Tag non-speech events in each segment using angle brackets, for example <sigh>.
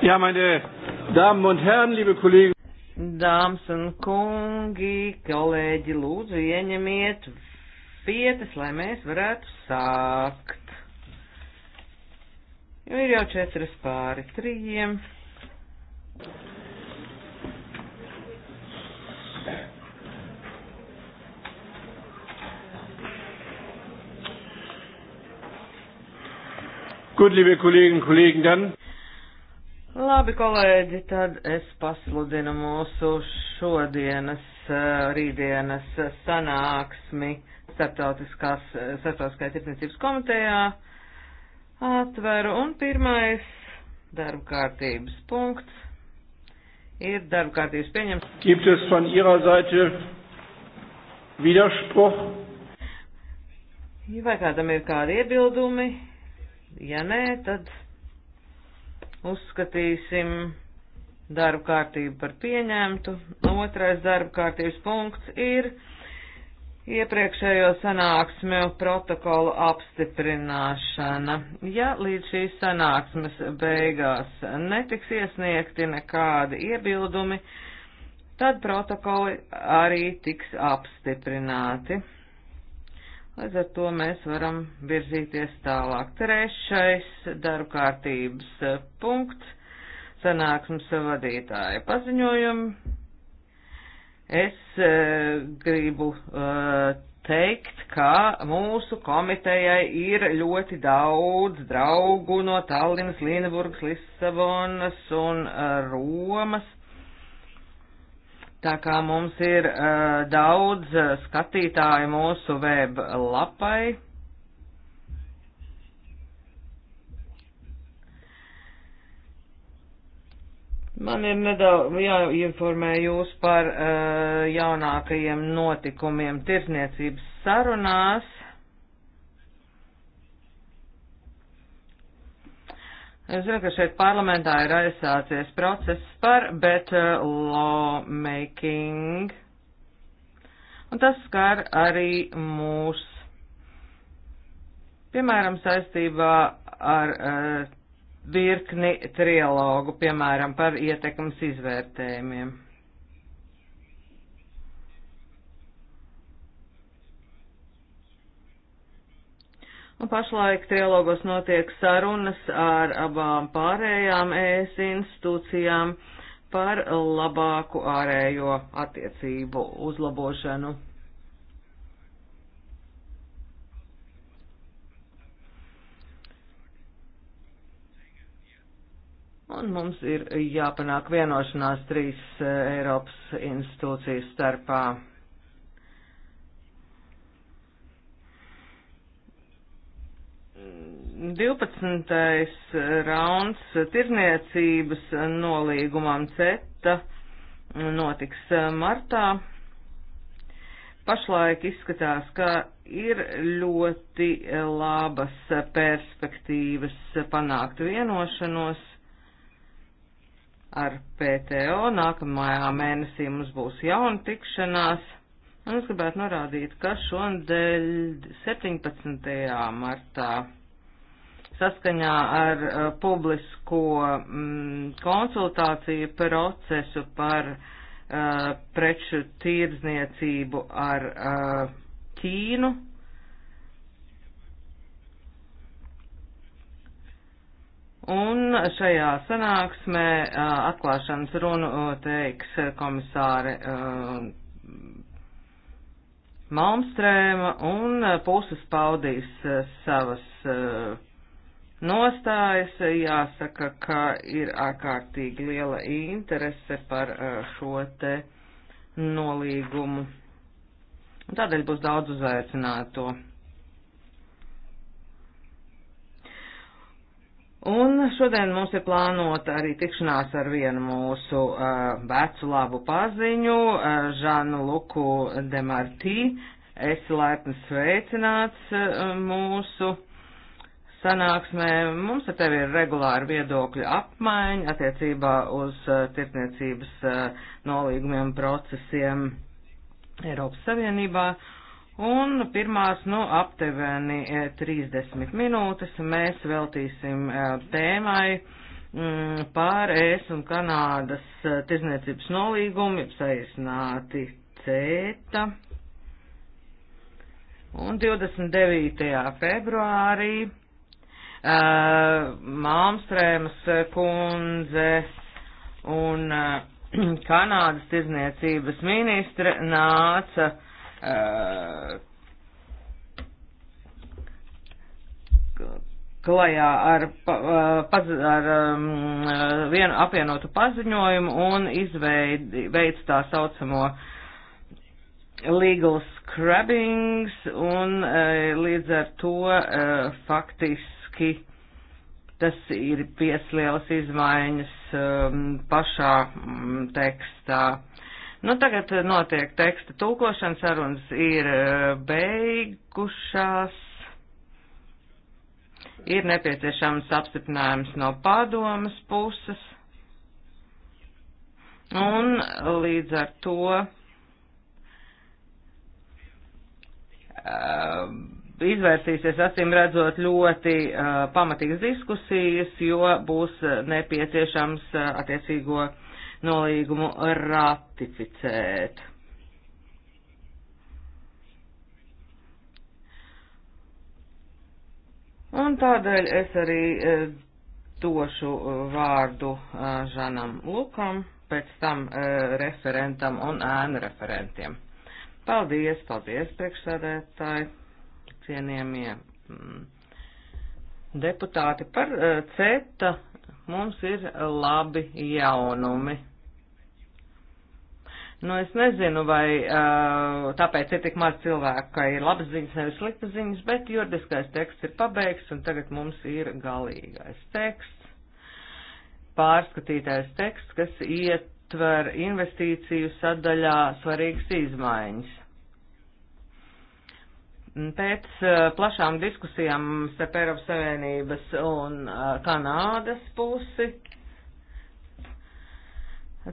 Ja, meine Damen und Herren, liebe Kollegen. Dāmas un kungi, kolēģi, lūdzu ieņemiet vietas, lai mēs varētu sākt. Jo ir jau četras pāri trījiem. Gut, liebe Kolleginnen und Kollegen, dann. Labi, kolēģi, tad es pasludinu mūsu šodienas, eh, rītdienas sanāksmi Startautiskajā eh, tirdzniecības komitejā. Atveru un pirmais darba kārtības punkts ir darba kārtības pieņems. Gibt es von Ihrer Seite Widerspruch? Vai kādam ir kādi iebildumi? Ja nē, tad. Uzskatīsim darba kārtību par pieņemtu. Otrais darba kārtības punkts ir iepriekšējo sanāksmju protokolu apstiprināšana. Ja līdz šīs sanāksmes beigās netiks iesniegti nekādi iebildumi, tad protokoli arī tiks apstiprināti. Līdz ar to mēs varam virzīties tālāk. Trešais darbkārtības eh, punkts - sanāksmes vadītāja paziņojumi. Es e, gribu e, teikt, ka mūsu komitejai ir ļoti daudz draugu no Tallinas, Līneburgas, Lisabonas un Romas Tā kā mums ir uh, daudz eh, skatītāju mūsu web lapai. Man ir nedaudz jāinformē jūs par uh, jaunākajiem notikumiem tirsniecības sarunās. Es zinu, ka šeit parlamentā ir aizsācies process par better lawmaking, un tas skar arī mūs. Piemēram, saistībā ar uh, virkni trialogu, piemēram, par ietekmes izvērtējumiem. Un nu, pašlaik trialogos notiek sarunas ar abām pārējām ES institūcijām par labāku ārējo attiecību uzlabošanu. Un mums ir jāpanāk vienošanās trīs eh, Eiropas institūcijas starpā. 12. rauns tirniecības nolīgumam CETA notiks martā. Pašlaik izskatās, ka ir ļoti labas perspektīvas panākt vienošanos ar PTO. Nākamajā mēnesī mums būs jauna tikšanās. Un es gribētu norādīt, ka šonadēļ 17. martā saskaņā ar uh, publisko mm, konsultāciju procesu par uh, preču tirdzniecību ar uh, Ķīnu. Un šajā sanāksmē uh, atklāšanas runu uh, teiks uh, komisāre uh, Malmstrēma un uh, puses paudīs savas uh, nostājas. Jāsaka, ka ir ārkārtīgi liela interese par uh, šo te nolīgumu. Un tādēļ būs daudz uzaicināto. Un šodien mums ir plānota arī tikšanās ar vienu mūsu uh, vecu labu paziņu, uh, Žanu Luku Demartī. Es laipni sveicināts uh, mūsu sanāksmē. Mums ar tevi ir regulāri viedokļu apmaiņa attiecībā uz uh, tirtniecības uh, nolīgumiem, procesiem Eiropas Savienībā. Un pirmās, nu, apteveni 30 eh, minūtes mēs veltīsim uh, tēmai mm, pār ES un Kanādas eh, tirzniecības nolīgumi, saīsināti CETA. Un 29. februārī Uh, Māmstrēmas kundze un uh, <clears throat> Kanādas tirzniecības ministre nāca uh, klajā ar, paz, ar um, vienu apvienotu paziņojumu un izveidi, veids tā saucamo legal scrubbings un līdz ar to faktiski būtiski tas ir pieslielas izmaiņas um, pašā um, tekstā. Nu, tagad notiek teksta tulkošana, sarunas ir uh, beigušās. Ir nepieciešams apstiprinājums no padomas puses. Un līdz ar to um, izvērsīsies acīm redzot ļoti uh, pamatīgas diskusijas, jo būs nepieciešams uh, attiecīgo nolīgumu ratificēt. Un tādēļ es arī uh, došu vārdu uh, Žanam Lukam, pēc tam uh, referentam un ēnu referentiem. Paldies, paldies, priekšsēdētāji! cienījamie mm, deputāti, par eh, CETA mums ir labi jaunumi. Nu, es nezinu, vai eh, tāpēc ir tik maz cilvēku, ka ir labas ziņas, nevis sliktas ziņas, bet juridiskais teksts ir pabeigts un tagad mums ir galīgais teksts, pārskatītais teksts, kas ietver investīciju sadaļā svarīgas izmaiņas Pēc eh, plašām diskusijām starp Eiropas Savienības un eh, Kanādas pusi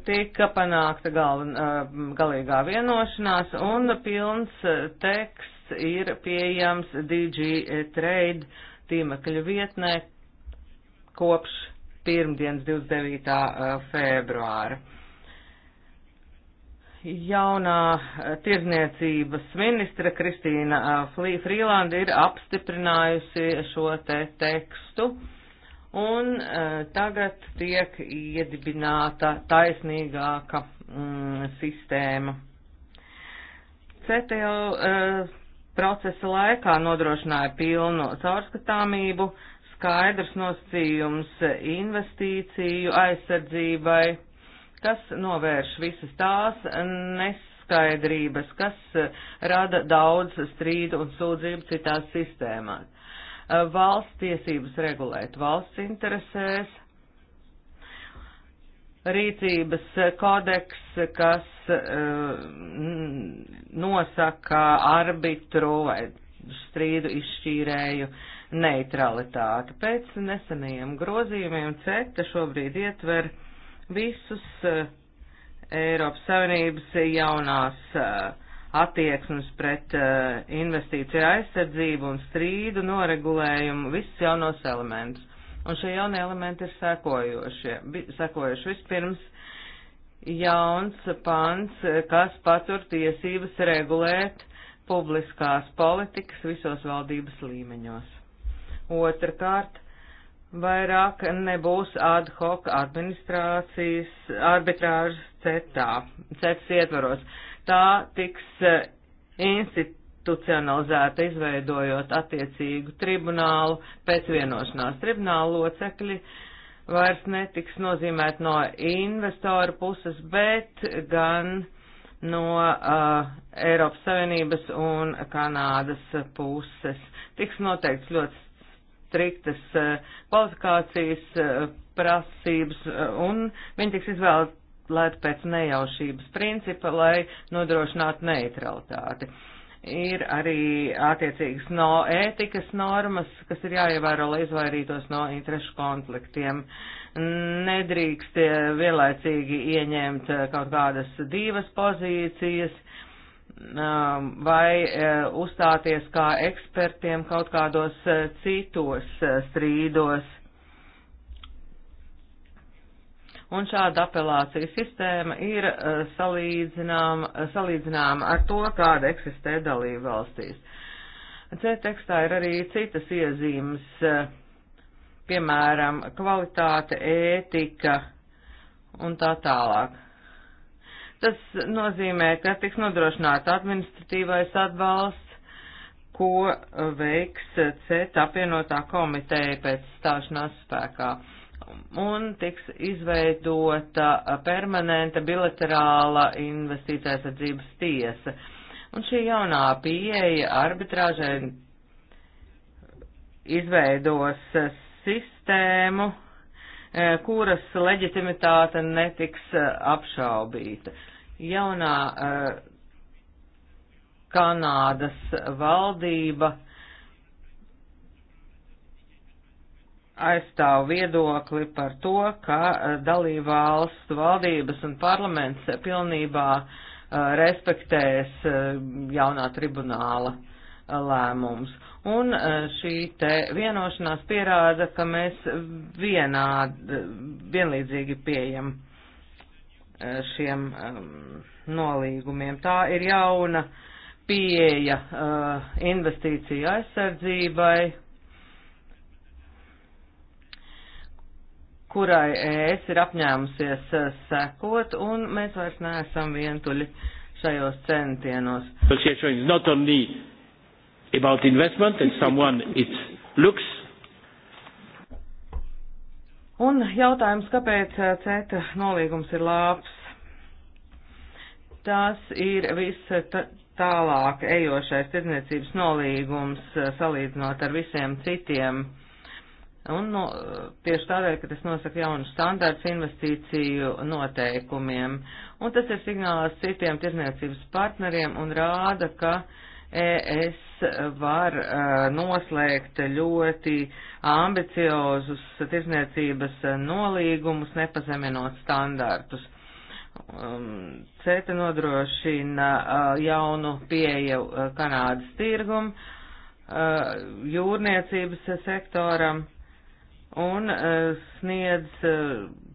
tika panākta gal, eh, galīgā vienošanās un pilns teksts ir pieejams DG Trade tīmekļa vietnē kopš pirmdienas 29. februāra. Jaunā eh, tirdzniecības ministra Kristīna eh, Frīlanda ir apstiprinājusi šo te tekstu, un eh, tagad tiek iedibināta taisnīgāka mm, sistēma. CTO uh, procesa laikā nodrošināja pilnu caurskatāmību, skaidrs nosacījums investīciju aizsardzībai kas novērš visas tās neskaidrības, kas eh, rada daudz strīdu un sūdzību citās sistēmās. Eh, valsts tiesības regulēt valsts interesēs, rīcības kodeks, kas eh, nosaka arbitru vai strīdu izšķīrēju neutralitāti. Pēc nesenajiem grozījumiem CETA šobrīd ietver uh, visus eh, Eiropas Savienības jaunās eh, attieksmes pret eh, investīciju aizsardzību un strīdu noregulējumu, visus jaunos elementus. Un šie jaunie elementi ir sekojošie. Sekojoši vispirms jauns pants, kas patur tiesības regulēt publiskās politikas visos valdības līmeņos. Otrakārt, vairāk nebūs ad hoc administrācijas arbitrāžas CETA, CETS ietvaros. Tā tiks eh, institucionalizēta, izveidojot attiecīgu tribunālu pēc vienošanās tribunālu locekļi. Vairs netiks nozīmēt no investoru puses, bet gan no uh, Eiropas Savienības un Kanādas puses. Tiks noteikts ļoti striktas eh, kvalifikācijas eh, prasības, eh, un viņi tiks izvēlēti pēc nejaušības principa, lai nodrošinātu neutralitāti. Ir arī attiecīgas no ētikas normas, kas ir jāievēro, lai izvairītos no interešu konfliktiem. Nedrīkst vienlaicīgi ieņemt kaut kādas divas pozīcijas, Um, vai uh, uzstāties kā ekspertiem kaut kādos uh, citos uh, strīdos. Un šāda apelācijas sistēma ir salīdzināma salīdzinām ar to, kāda eksistē dalība valstīs. C tekstā ir arī citas iezīmes, piemēram, kvalitāte, ētika un tā tālāk. Tas nozīmē, ka tiks nodrošināts administratīvais atbalsts, ko veiks CET apvienotā komiteja pēc stāšanās spēkā. Un tiks izveidota permanenta bilaterāla investīcijas atzības tiesa. Un šī jaunā pieeja arbitrāžai izveidos sistēmu, kuras leģitimitāte netiks apšaubīta. Jaunā uh, Kanādas valdība aizstāv viedokli par to, ka uh, eh, dalībvalstu valdības un parlaments pilnībā uh, respektēs jaunā tribunāla lēmums. Un šī te vienošanās pierāda, ka mēs vienādi, vienlīdzīgi pieejam Eh, šiem nolīgumiem. Tā ir jauna pieeja eh, investīciju aizsardzībai, kurai es ir apņēmusies eh, sekot, un mēs vairs neesam vientuļi šajos centienos. About investment and someone it looks Un jautājums, kāpēc eh, CETA nolīgums ir labs? Tas ir viss tālāk ejošais tirdzniecības nolīgums eh, salīdzinot ar visiem citiem. Un no, eh, tieši tādēļ, ka tas nosaka jaunu standārts investīciju noteikumiem. Un tas ir signāls citiem tirzniecības partneriem un rāda, ka uh, ES var e, noslēgt ļoti ambiciozus tirzniecības nolīgumus, nepazeminot standartus. Um, CETA nodrošina e, jaunu pieeju e, Kanādas tirgumu, jūrniecības sektoram un sniedz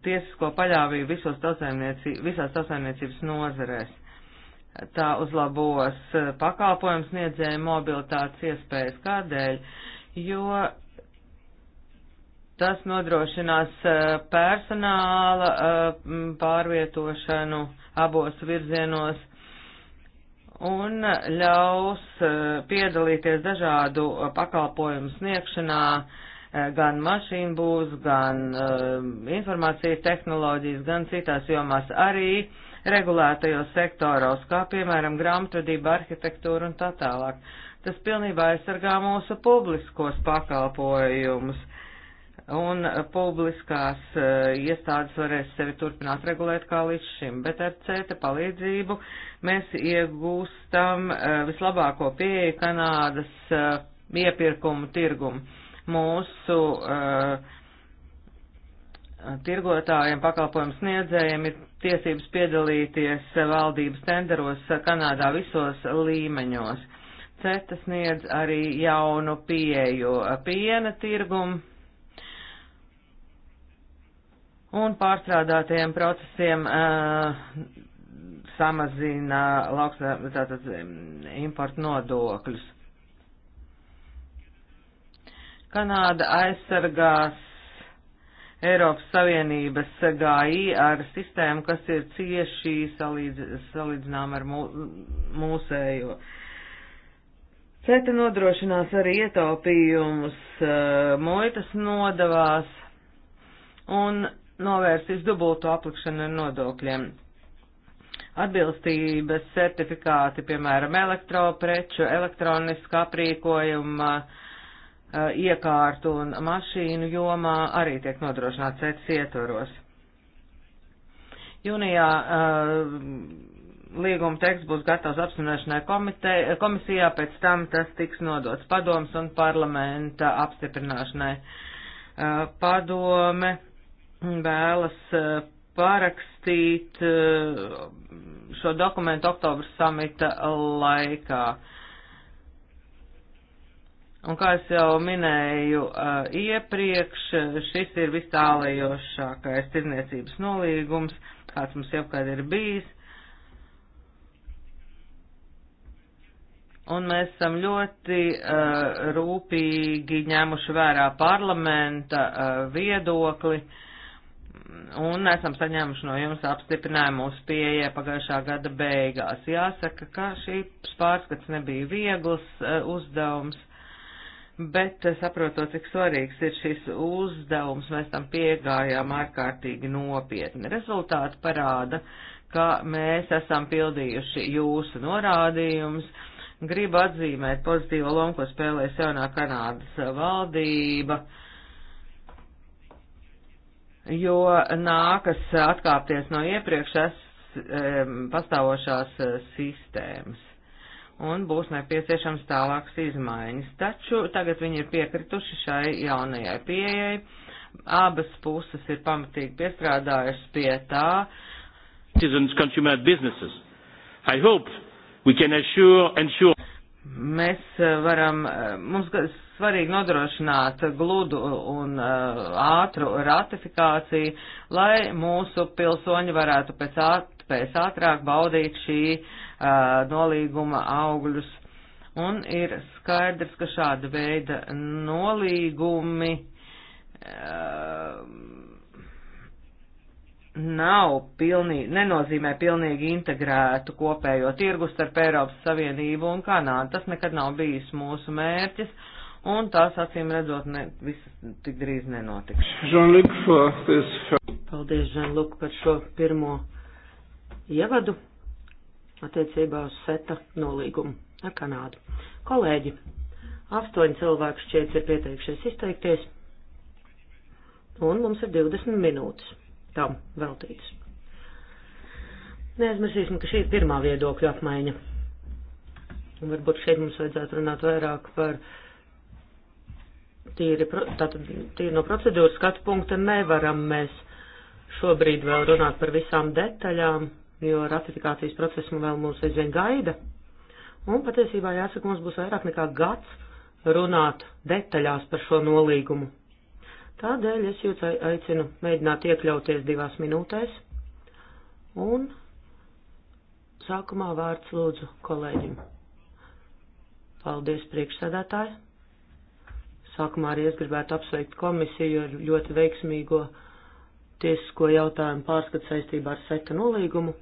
tiesisko paļāvību visos tautsēmniecības nozarēs tā uzlabos eh, pakalpojums sniedzēju mobilitātes iespējas. Kādēļ? Jo tas nodrošinās eh, personāla eh, pārvietošanu abos virzienos un ļaus piedalīties dažādu pakalpojumu sniegšanā, gan mašīnu būs, gan informācijas tehnoloģijas, gan citās jomās arī uh, regulētajos sektoros, kā piemēram grāmatvedība, arhitektūra un tā tālāk. Tas pilnībā aizsargā mūsu publiskos pakalpojumus, un e, publiskās uh, iestādes varēs sevi turpināt regulēt kā līdz šim, bet ar CETA palīdzību mēs iegūstam uh, vislabāko pieeju Kanādas uh, iepirkumu tirgumu. Mūsu uh, Eh, tirgotājiem, pakalpojumu sniedzējiem ir tiesības piedalīties eh, valdības tenderos eh, Kanādā visos līmeņos. CETA sniedz arī jaunu pieeju piena tirgumu un pārstrādātiem procesiem uh, samazina lauksā, tātad mm, importu nodokļus. Kanāda aizsargās Eiropas Savienības GAI ar sistēmu, kas ir cieši salīdz, salīdzināma ar mū, mūsējo. CETA nodrošinās arī ietaupījumus uh, muitas nodavās un novērsīs dubultu aplikšanu ar nodokļiem. Atbilstības certifikāti, piemēram, elektropreču, elektroniska aprīkojuma, uh, Eh, iekārtu un mašīnu jomā arī tiek nodrošināts CETS ietvaros. Jūnijā uh, līguma teksts būs gatavs apstiprināšanai komisijā, pēc tam tas tiks nodots padoms un parlamenta apstiprināšanai. Uh, padome vēlas uh, parakstīt šo dokumentu oktobra samita laikā. Uh, Un kā es jau minēju uh, iepriekš, uh, šis ir vistālējošākais tirniecības nolīgums, kāds mums jebkad ir bijis. Un mēs esam ļoti uh, rūpīgi ņēmuši vērā parlamenta uh, viedokli un esam saņēmuši no jums apstiprinājumu mūsu pieeja pagājušā gada beigās. Jāsaka, ka šī pārskats nebija viegls uh, uzdevums bet eh, saprotot, cik svarīgs ir šis uzdevums, mēs tam piegājām ārkārtīgi nopietni. Rezultāti parāda, ka mēs esam pildījuši jūsu norādījumus. Gribu atzīmēt pozitīvo lomu, ko spēlēs jaunā Kanādas valdība, jo nākas atkāpties no iepriekš es, eh, um, pastāvošās eh, sistēmas un būs nepieciešams tālākas izmaiņas. Taču tagad viņi ir piekrituši šai jaunajai pieejai. Abas puses ir pamatīgi piestrādājušas pie tā. Citizens, consumer businesses. I hope we can assure, ensure. Mēs eh, varam, eh, mums svarīgi nodrošināt gludu un eh, ātru ratifikāciju, lai mūsu pilsoņi varētu pēc, āt, pēc ātrāk baudīt šī uh, nolīguma augļus. Un ir skaidrs, ka šāda veida nolīgumi nav pilnīgi, nenozīmē pilnīgi integrētu kopējo tirgu starp Eiropas Savienību un Kanādu. Tas nekad nav bijis mūsu mērķis, un tās acīm redzot, ne, viss tik drīz nenotiks. Jean-Luc, Paldies, Žanluk, par šo pirmo ievadu attiecībā uz SETA nolīgumu ar Kanādu. Kolēģi, astoņi cilvēki šķiet ir pieteikšies izteikties, un mums ir 20 minūtes tam veltītas. Neaizmirsīsim, ka šī ir pirmā viedokļa apmaiņa. Un varbūt šeit mums vajadzētu runāt vairāk par tīri, tātad, tīri no procedūras skatu punkta nevaram mēs šobrīd vēl runāt par visām detaļām, jo ratifikācijas procesu vēl mūs aizvien gaida. Un patiesībā jāsaka, mums būs vairāk nekā gads runāt detaļās par šo nolīgumu. Tādēļ es jūs aicinu mēģināt iekļauties divās minūtēs. Un sākumā vārds lūdzu kolēģim. Paldies priekšsēdētāji. Sākumā arī es gribētu apsveikt komisiju ar ļoti veiksmīgo tiesisko jautājumu pārskatu saistībā ar seka nolīgumu.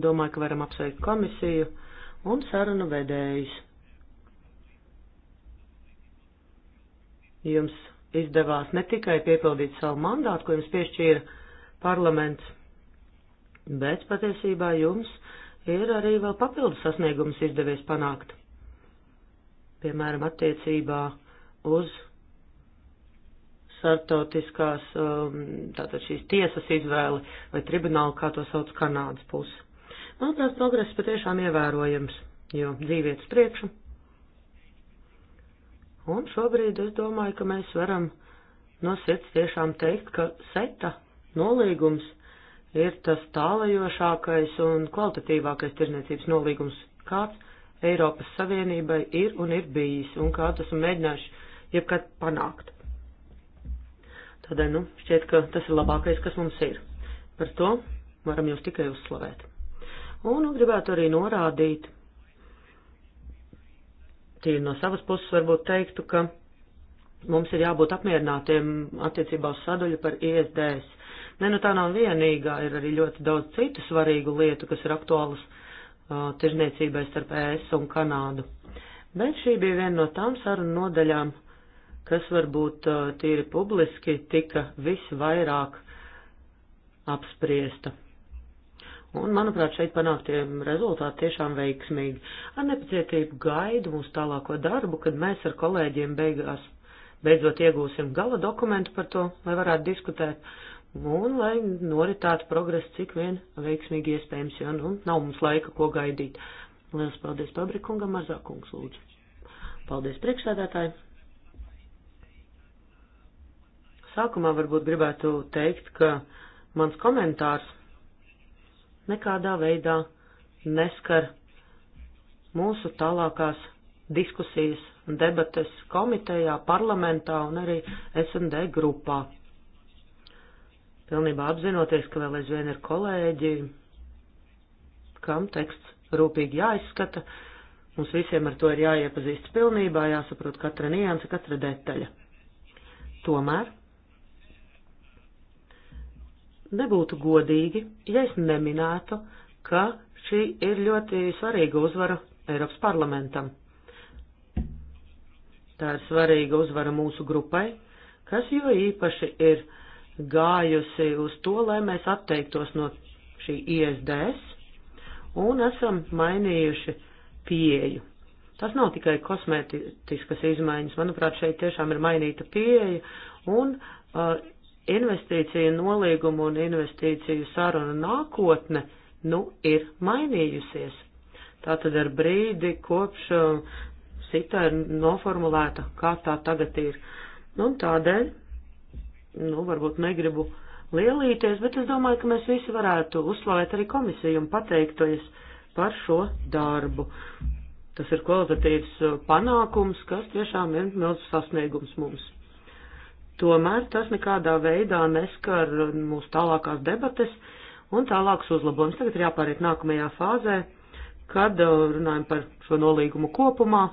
Domāju, ka varam apsveikt komisiju un sarunu vedējus. Jums izdevās ne tikai piepildīt savu mandātu, ko jums piešķīra parlaments, bet patiesībā jums ir arī vēl papildus sasniegums izdevies panākt. Piemēram, attiecībā uz startautiskās, um, tātad šīs tiesas izvēli vai tribunālu, kā to sauc Kanādas pusi. Manuprāt, progress patiešām ievērojams, jo dzīvietas priekšu. Un šobrīd es domāju, ka mēs varam no sirds tiešām teikt, ka seta nolīgums ir tas tālajošākais un kvalitatīvākais tirniecības nolīgums, kāds Eiropas Savienībai ir un ir bijis, un kā tas un mēģinājuši jebkad panākt. Tādēļ, nu, šķiet, ka tas ir labākais, kas mums ir. Par to varam jūs tikai uzslavēt. Un gribētu arī norādīt, tīri no savas puses varbūt teiktu, ka mums ir jābūt apmierinātiem attiecībā uz sadaļu par ISDS. Ne, nu tā nav vienīgā, ir arī ļoti daudz citu svarīgu lietu, kas ir aktuālas uh, tirzniecībai starp ES un Kanādu. Bet šī bija viena no tām sarunu nodaļām, kas varbūt uh, tīri publiski tika visvairāk apspriesta. Un, manuprāt, šeit panāktie rezultāti tiešām veiksmīgi. Ar nepacietību gaidu mūsu tālāko darbu, kad mēs ar kolēģiem beigās beidzot iegūsim gala dokumentu par to, lai varētu diskutēt. Un, lai noritātu progresu cik vien veiksmīgi iespējams, jo nu, nav mums laika, ko gaidīt. Lielas paldies Pabrikungam, mazākums lūdzu. Paldies priekšsēdētāji. Sākumā varbūt gribētu teikt, ka mans komentārs nekādā veidā neskar mūsu tālākās diskusijas un debates komitejā, parlamentā un arī S&D grupā. Pilnībā apzinoties, ka vēl aizvien ir kolēģi, kam teksts rūpīgi jāizskata, mums visiem ar to ir jāiepazīst pilnībā, jāsaprot katra nianse, katra detaļa. Tomēr Nebūtu godīgi, ja es neminētu, ka šī ir ļoti svarīga uzvara Eiropas parlamentam. Tā ir svarīga uzvara mūsu grupai, kas jo īpaši ir gājusi uz to, lai mēs atteiktos no šī ISDS un esam mainījuši pieeju. Tas nav tikai kosmētiskas izmaiņas, manuprāt, šeit tiešām ir mainīta pieeja un uh, investīciju nolīgumu un investīciju sarunu nākotne, nu, ir mainījusies. Tātad ar brīdi kopš um, sita ir noformulēta, kā tā tagad ir. Nu, tādēļ, nu, varbūt negribu lielīties, bet es domāju, ka mēs visi varētu uzslavēt arī komisiju un pateiktojas par šo darbu. Tas ir kvalitatīvs uh, panākums, kas tiešām ir milzīgs sasniegums mums. Tomēr tas nekādā veidā neskar mūsu tālākās debates un tālākas uzlabojumus. Tagad ir jāpāriet nākamajā fāzē, kad uh, runājam par šo nolīgumu kopumā.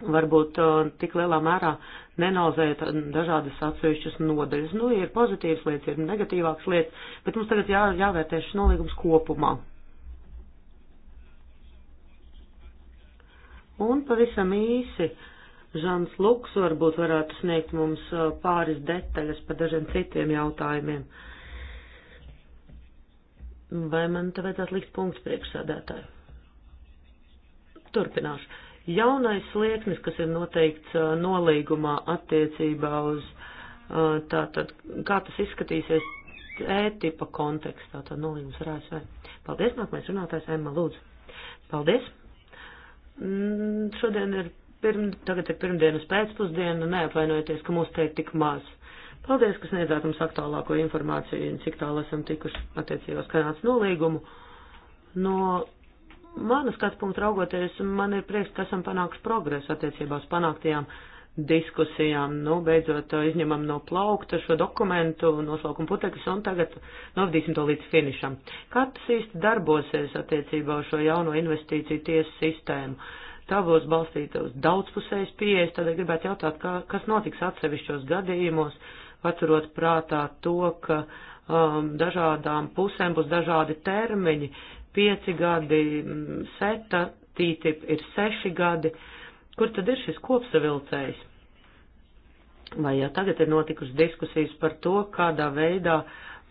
Varbūt uh, tik lielā mērā nenalizēt dažādas atsevišķas nodaļas. Nu, ir pozitīvas lietas, ir negatīvākas lietas, bet mums tagad jā, jāvērtē šis nolīgums kopumā. Un pavisam īsi Žans Luks varbūt varētu sniegt mums uh, pāris detaļas par dažiem citiem jautājumiem. Vai man te vajadzētu likt punktu priekšsēdētāju? Turpināšu. Jaunais slieknis, kas ir noteikts uh, nolīgumā attiecībā uz uh, tātad, kā tas izskatīsies ētipa e kontekstā, tad nolīgums ar ASV. Paldies, nākamais runātājs Emma Lūdzu. Paldies. Mm, šodien ir Pirm, tagad ir pirmdienas pēcpusdiena, neapvainojieties, ka mūs te ir tik maz. Paldies, ka sniedzāt mums aktuālāko informāciju un cik tālu esam tikuši attiecībās Kanādas nolīgumu. No manas skatu punktu raugoties, man ir prieks, ka esam panākuši progresu attiecībās panāktajām diskusijām. Nu, beidzot, izņemam no plaukta šo dokumentu, noslaukumu putekas un tagad novadīsim to līdz finišam. Kā tas īsti darbosies attiecībā uz šo jauno investīciju tiesu sistēmu? tēlos balstītos daudzpusējas pieejas, tad gribētu jautāt, kā, kas notiks atsevišķos gadījumos, paturot prātā to, ka um, dažādām pusēm būs dažādi termiņi, pieci gadi mm, seta, tītip ir seši gadi, kur tad ir šis kopsavilcējs? Vai jau tagad ir notikusi diskusijas par to, kādā veidā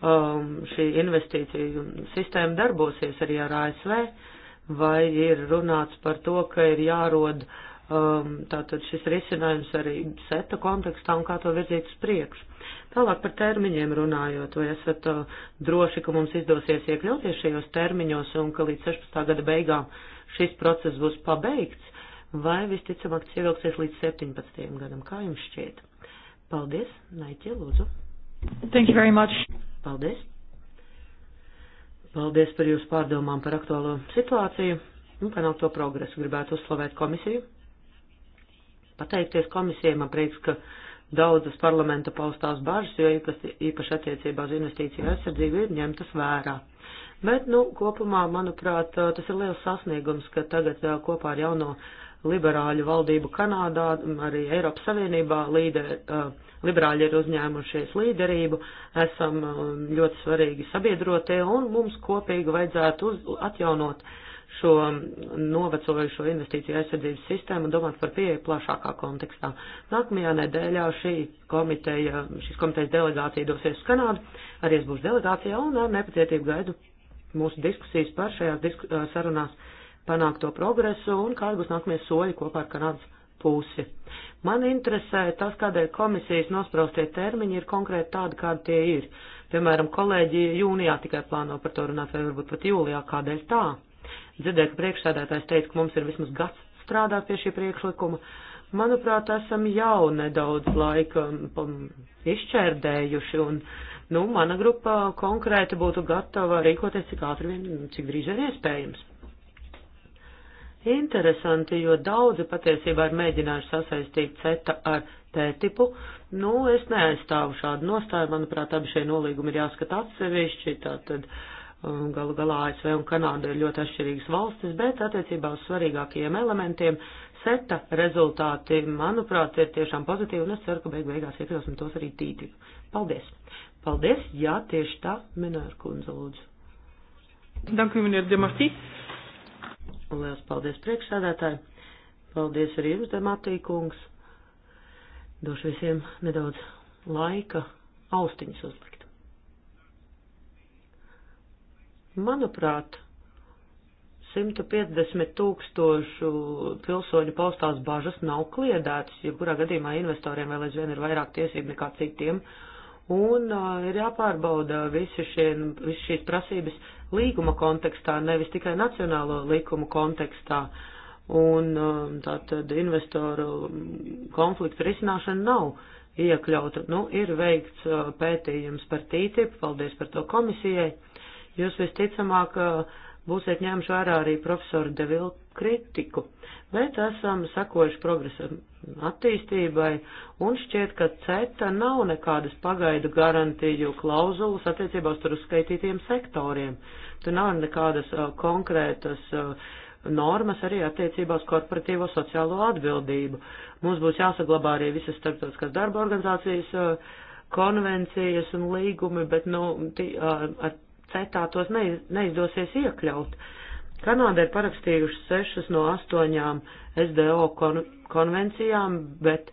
um, šī investīcija sistēma darbosies arī ar ASV? Uh, vai ir runāts par to, ka ir jārod um, tātad šis risinājums arī seta kontekstā un kā to virzīt uz priekšu. Tālāk par termiņiem runājot, vai esat uh, droši, ka mums izdosies iekļauties šajos termiņos un ka līdz 16. gada beigām šis process būs pabeigts, vai visticamāk tas ievilksies līdz 17. gadam, kā jums šķiet? Paldies, Naiķi, lūdzu. Thank you very much. Paldies. Paldies par jūsu pārdomām par aktuālo situāciju un panākto progresu. Gribētu uzslavēt komisiju. Pateikties komisijai, man prieks, ka daudzas parlamenta paustās bažas, jo īpaši attiecībā uz investīciju aizsardzību ir ņemtas vērā. Bet, nu, kopumā, manuprāt, tas ir liels sasniegums, ka tagad kopā ar jauno liberāļu valdību Kanādā, arī Eiropas Savienībā līderi, uh, liberāļi ir uzņēmušies līderību, esam uh, ļoti svarīgi sabiedrotie un mums kopīgi vajadzētu uz, atjaunot šo novecojušo investīciju aizsardzības sistēmu un domāt par pieeju plašākā kontekstā. Nākamajā nedēļā šī komiteja, šis komitejas delegācija dosies uz Kanādu, arī es būšu delegācijā un ar nepacietību gaidu mūsu diskusijas par šajās disku, uh, sarunās panākto progresu un kādi būs nākamie soļi kopā ar Kanādas pusi. Man interesē tas, kādēļ komisijas nospraustie termiņi ir konkrēti tādi, kādi tie ir. Piemēram, kolēģi jūnijā tikai plāno par to runāt, vai varbūt pat jūlijā, kādēļ tā. Dzirdēju, ka priekšsēdētājs teica, ka mums ir vismaz gads strādāt pie šī priekšlikuma. Manuprāt, esam jau nedaudz laika um, izšķērdējuši, un, nu, mana grupa konkrēti būtu gatava rīkoties cik ātri vien, cik drīz ir iespējams. Interesanti, jo daudzi patiesībā ir mēģinājuši sasaistīt CETA ar tētipu. Nu, es neaizstāvu šādu nostāju, manuprāt, abi šie nolīgumi ir jāskata atsevišķi, tātad um, galu galā ASV un Kanāda ir ļoti atšķirīgas valstis, bet attiecībā uz svarīgākajiem elementiem CETA rezultāti, manuprāt, ir tiešām pozitīvi, un es ceru, ka beig beigās iekļausim tos arī tītri. Paldies! Paldies! Jā, tieši tā, Minēra kundze, lūdzu. Dank u, meneer Demartī. Uh, Lielas paldies priekšsēdētāji. Paldies arī jums, Dematīkungs. Došu visiem nedaudz laika austiņas uzlikt. Manuprāt, 150 tūkstošu pilsoņu paustās bažas nav kliedētas, ja kurā gadījumā investoriem vēl aizvien ir vairāk tiesību nekā citiem. Uh, Un uh, ir jāpārbauda visi, šie, visi šīs prasības līguma kontekstā, nevis tikai nacionālo likumu kontekstā. Un um, tātad investoru konfliktu risināšana nav iekļauta. Nu, ir veikts uh, pētījums par TTIP, paldies par to komisijai. Jūs visticamāk. Uh, būsiet ņēmuši vērā arī profesoru Devilu kritiku, bet esam sakojuši progresam attīstībai un šķiet, ka CETA nav nekādas pagaidu garantiju klauzulas attiecībā uz tur uzskaitītiem sektoriem. Tur nav nekādas uh, konkrētas uh, normas arī attiecībā uz korporatīvo sociālo atbildību. Mums būs jāsaglabā arī visas starptautiskās darba organizācijas uh, konvencijas un līgumi, bet nu, tī, uh, ar cetā tos neizdosies iekļaut. Kanāda ir parakstījuši sešas no astoņām SDO kon konvencijām, bet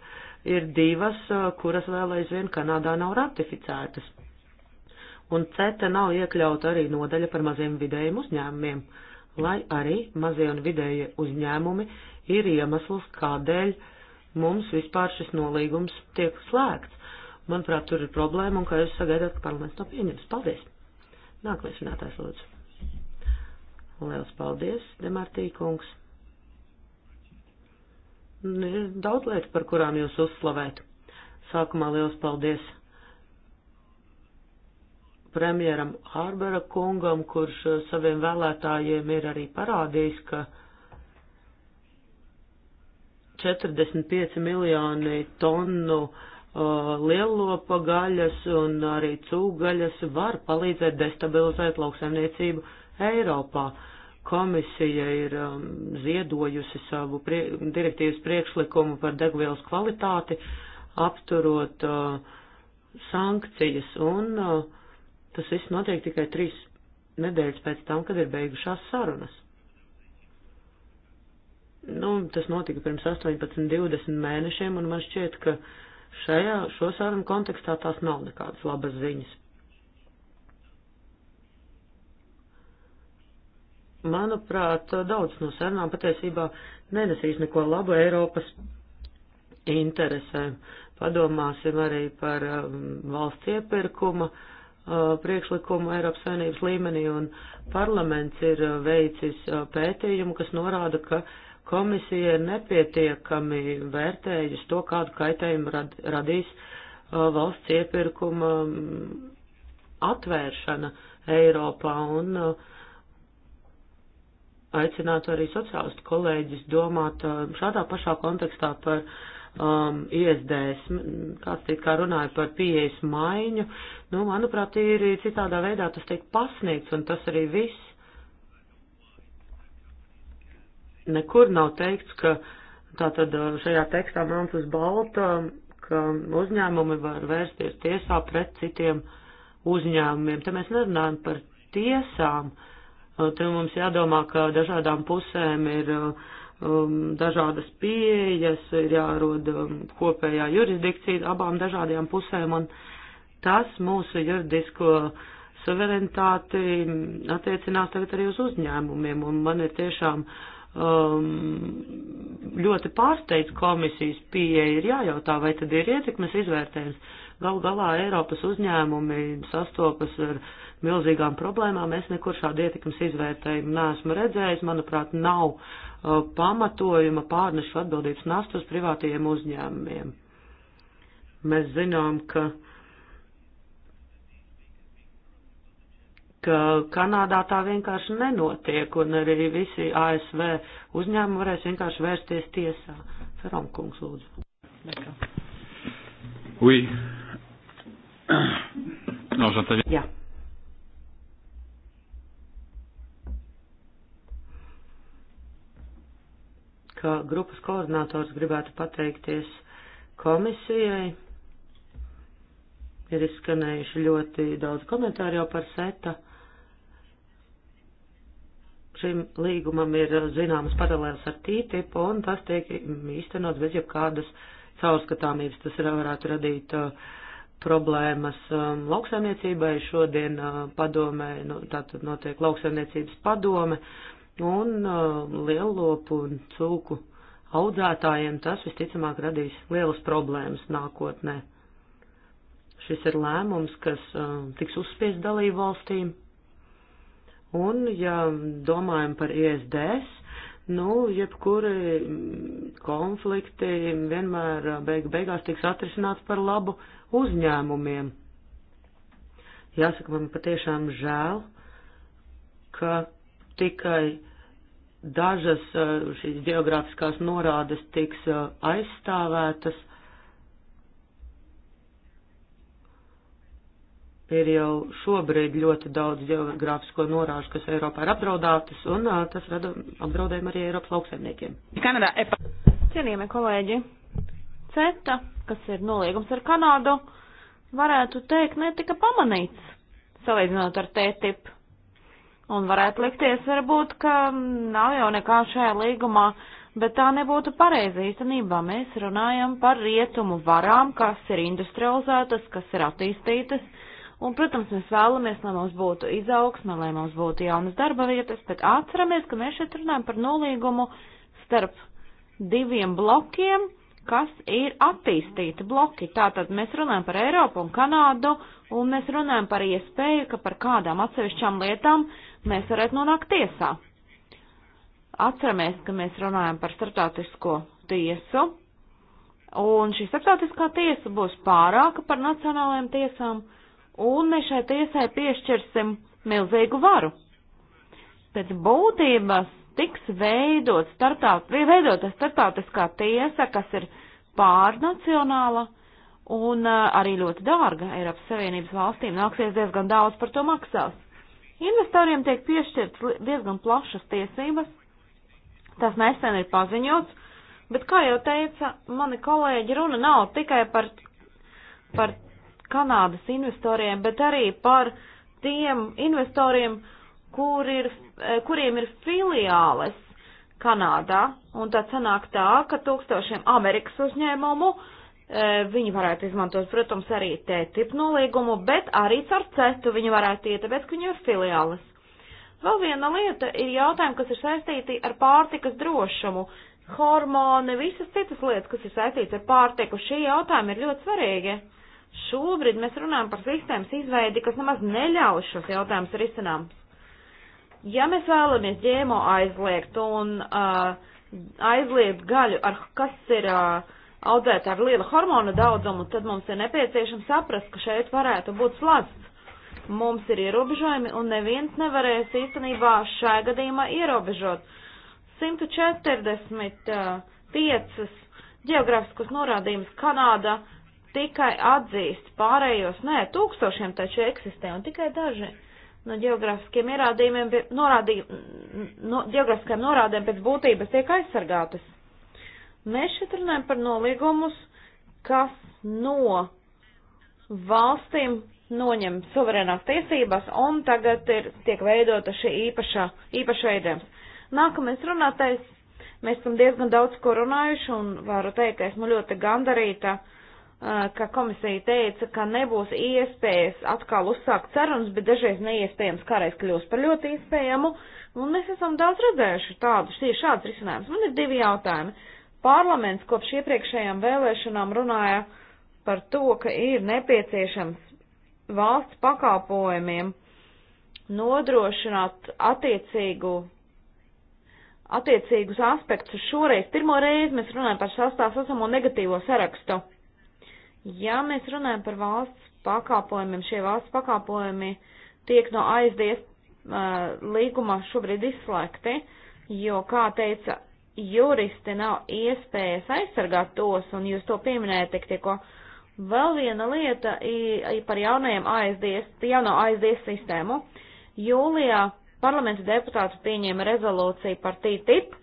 ir divas, uh, kuras vēl aizvien Kanādā nav ratificētas. Un CETA nav iekļauta arī nodaļa par maziem vidējiem uzņēmumiem, lai arī mazie un vidējie uzņēmumi ir iemesls, kādēļ mums vispār šis nolīgums tiek slēgts. Manuprāt, tur ir problēma un ka jūs sagaidāt, ka parlaments to pieņems. Paldies! Nākamais runātājs lūdzu. Liels paldies, Demartī kungs. Nu, ir daudz lietu, par kurām jūs uzslavētu. Sākumā liels paldies premjeram Hārbera kungam, kurš uh, saviem vēlētājiem ir arī parādījis, ka 45 miljoni tonu uh, Uh, Lielopa gaļas un arī cūgaļas var palīdzēt destabilizēt lauksaimniecību Eiropā. Komisija ir um, ziedojusi savu prie, direktīvas priekšlikumu par degvielas kvalitāti, apturot uh, sankcijas, un uh, tas viss notiek tikai trīs nedēļas pēc tam, kad ir beigušās sarunas. Nu, tas notika pirms 18, 20 mēnešiem, un man šķiet, ka uh, Šajā, šo sarunu kontekstā tās nav nekādas labas ziņas. Manuprāt, daudz no sarunām patiesībā nenesīs neko labu Eiropas interesēm. Padomāsim arī par um, valsts iepirkuma uh, priekšlikumu Eiropas Savienības līmenī, un parlaments ir uh, veicis uh, pētījumu, kas norāda, ka Komisija ir nepietiekami vērtējusi to, kādu kaitējumu rad, radīs uh, valsts iepirkuma mm, atvēršana Eiropā un uh, aicinātu arī sociālistu kolēģis domāt uh, šādā pašā kontekstā par um, ISDS. Kāds it kā runāja par pieejas maiņu, nu, manuprāt, ir citādā veidā tas tiek pasniegts, un tas arī viss. Nekur nav teikts, ka tātad uh, šajā tekstā melns uz balta, ka uzņēmumi var vērsties tiesā pret citiem uzņēmumiem. Te mēs nerunājam par tiesām. Uh, te mums jādomā, ka dažādām pusēm ir uh, um, dažādas pieejas, ir jārod um, kopējā jurisdikcija abām dažādajām pusēm, un tas mūsu juridisko suverenitāti mm, attiecinās tagad arī uz uzņēmumiem, un man ir tiešām uh, um, ļoti pārsteidz komisijas pieeja, ir jājautā, vai tad ir ietekmes izvērtējums. Galu galā Eiropas uzņēmumi sastopas ar milzīgām problēmām. Es nekur šādu ietekmes izvērtējumu neesmu redzējis. Manuprāt, nav uh, pamatojuma pārnešu atbildības nastu uz privātajiem uzņēmumiem. Mēs zinām, ka uh, ka Kanādā tā vienkārši nenotiek, un arī visi ASV uzņēmumi varēs vienkārši vērsties tiesā. Feromkungs, lūdzu. Nekā. Oui. Non, j'entends bien. Jā. Kā grupas koordinators gribētu pateikties komisijai ir izskanējuši ļoti daudz komentāru jau par SETA šim līgumam ir eh, zināmas paralēlas ar TTIP, un tas tiek īstenots bez jebkādas caurskatāmības. Tas varētu radīt eh, problēmas um, lauksaimniecībai. Šodien eh, padomē, nu, tātad notiek lauksaimniecības padome, un lielopu un cūku audzētājiem tas visticamāk radīs lielas problēmas nākotnē. Šis ir lēmums, kas tiks uzspiest dalību valstīm Un, ja domājam par ISDS, nu, jebkuri mm, konflikti vienmēr uh, beig beigās tiks atrisināts par labu uzņēmumiem. Jāsaka, man patiešām žēl, ka tikai dažas uh, šīs geogrāfiskās norādes tiks uh, aizstāvētas, ir jau šobrīd ļoti daudz geogrāfisko norāžu, kas Eiropā ir apdraudātas, un uh, tas rada apdraudējumu arī Eiropas lauksaimniekiem. Kanadā, EPA. Cienījamie kolēģi, CETA, kas ir noliegums ar Kanādu, varētu teikt, netika pamanīts, salīdzinot ar TTIP. Un varētu likties, varbūt, ka nav jau nekā šajā līgumā, bet tā nebūtu pareizi īstenībā. Mēs runājam par rietumu varām, kas ir industrializētas, kas ir attīstītas, Un, protams, mēs vēlamies, lai mums būtu izaugsme, lai mums būtu jaunas darba vietas, bet atceramies, ka mēs šeit runājam par nolīgumu starp diviem blokiem, kas ir attīstīti bloki. Tātad mēs runājam par Eiropu un Kanādu, un mēs runājam par iespēju, ka par kādām atsevišķām lietām mēs varētu nonākt tiesā. Atceramies, ka mēs runājam par starptautisko tiesu, un šī starptautiskā tiesa būs pārāka par nacionālajām tiesām un mēs šai tiesai piešķirsim milzīgu varu. Pēc būtības tiks veidot startaut, veidota startautiskā tiesa, kas ir pārnacionāla un uh, arī ļoti dārga. Eiropas Savienības valstīm nāksies diezgan daudz par to maksās. Investoriem tiek piešķirts diezgan plašas tiesības. Tas nesen ir paziņots, bet, kā jau teica mani kolēģi, runa nav tikai par, par Kanādas investoriem, bet arī par tiem investoriem, kur ir, eh, kuriem ir filiāles Kanādā. Un tad sanāk tā, ka tūkstošiem Amerikas uzņēmumu eh, viņi varētu izmantot, protams, arī TTIP nolīgumu, bet arī caur CETU viņi varētu iet, tāpēc, ka viņiem ir filiāles. Vēl viena lieta ir jautājumi, kas ir saistīti ar pārtikas drošumu, hormoni, visas citas lietas, kas ir saistīts ar pārtiku. Šie jautājumi ir ļoti svarīgi. Uh, Šobrīd mēs runājam par sistēmas izveidi, kas nemaz neļauj šos jautājumus risinām. Ja mēs vēlamies ģēmo aizliegt un uh, aizliegt gaļu, ar, kas ir uh, audzēta ar lielu hormonu daudzumu, tad mums ir nepieciešams saprast, ka šeit varētu būt slazds. Mums ir ierobežojumi un neviens nevarēs īstenībā šajā gadījumā ierobežot. 145 uh, geogrāfiskos norādījumus Kanāda, uh, tikai atzīst, pārējos nē, tūkstošiem taču eksistē un tikai daži no geogrāfiskiem ierādījumiem, norādī, no geogrāfiskajiem norādēm pēc būtības tiek aizsargātas. Mēs šeit runājam par nolīgumus, kas no valstīm noņem suverēnās tiesības un tagad ir, tiek veidota šī īpašā, īpaša veidojums. Nākamais runātais, mēs esam diezgan daudz ko runājuši un varu teikt, ka esmu ļoti gandarīta. Uh, ka komisija teica, ka nebūs iespējas atkal uzsākt sarunas, bet dažreiz neiespējams kāreiz kļūst par ļoti iespējamu, un mēs esam daudz redzējuši tādus, tieši šāds risinājums. Man ir divi jautājumi. Parlaments kopš iepriekšējām vēlēšanām runāja par to, ka ir nepieciešams valsts pakalpojumiem nodrošināt attiecīgu, attiecīgus aspektus. Šoreiz pirmo reizi mēs runājam par sastāvsasamo negatīvo sarakstu. Ja mēs runājam par valsts pakalpojumiem, šie valsts pakalpojumi tiek no aizdies uh, līguma šobrīd izslēgti, jo, kā teica juristi, nav iespējas aizsargāt tos, un jūs to pieminējat tik tikko. Vēl viena lieta i, par jaunajiem ASDS, jauno ASDS sistēmu. Jūlijā parlamenta deputāti pieņēma rezolūciju par TTIP,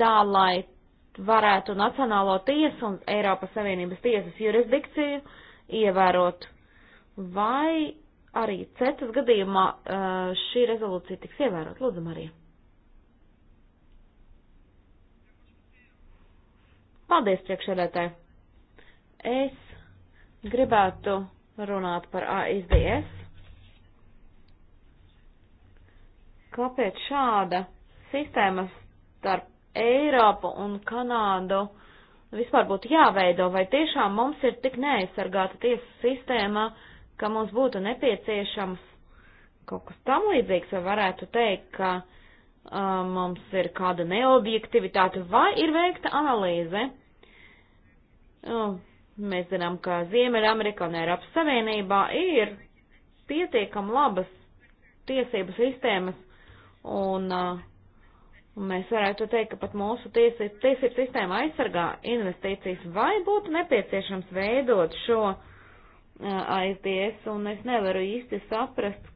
tā lai varētu Nacionālo tiesu un Eiropas Savienības tiesas jurisdikciju ievērot. Vai arī CETAS gadījumā eh, šī rezolūcija tiks ievērot? Lūdzu, Marija. Paldies, priekšsēdētāji. Es gribētu runāt par ASDS. Kāpēc šāda sistēma starp Eiropu un Kanādu vispār būtu jāveido, vai tiešām mums ir tik neaizsargāta tiesu sistēma, ka mums būtu nepieciešams kaut kas tam līdzīgs, vai varētu teikt, ka uh, mums ir kāda neobjektivitāte, vai ir veikta analīze. Uh, mēs zinām, ka Ziemeļamerikā un Eiropas Savienībā ir pietiekam labas tiesību sistēmas, un uh, Mēs varētu teikt, ka pat mūsu tiesību tiesīb sistēma aizsargā investīcijas, vai būtu nepieciešams veidot šo uh, aizties, un es nevaru īsti saprast,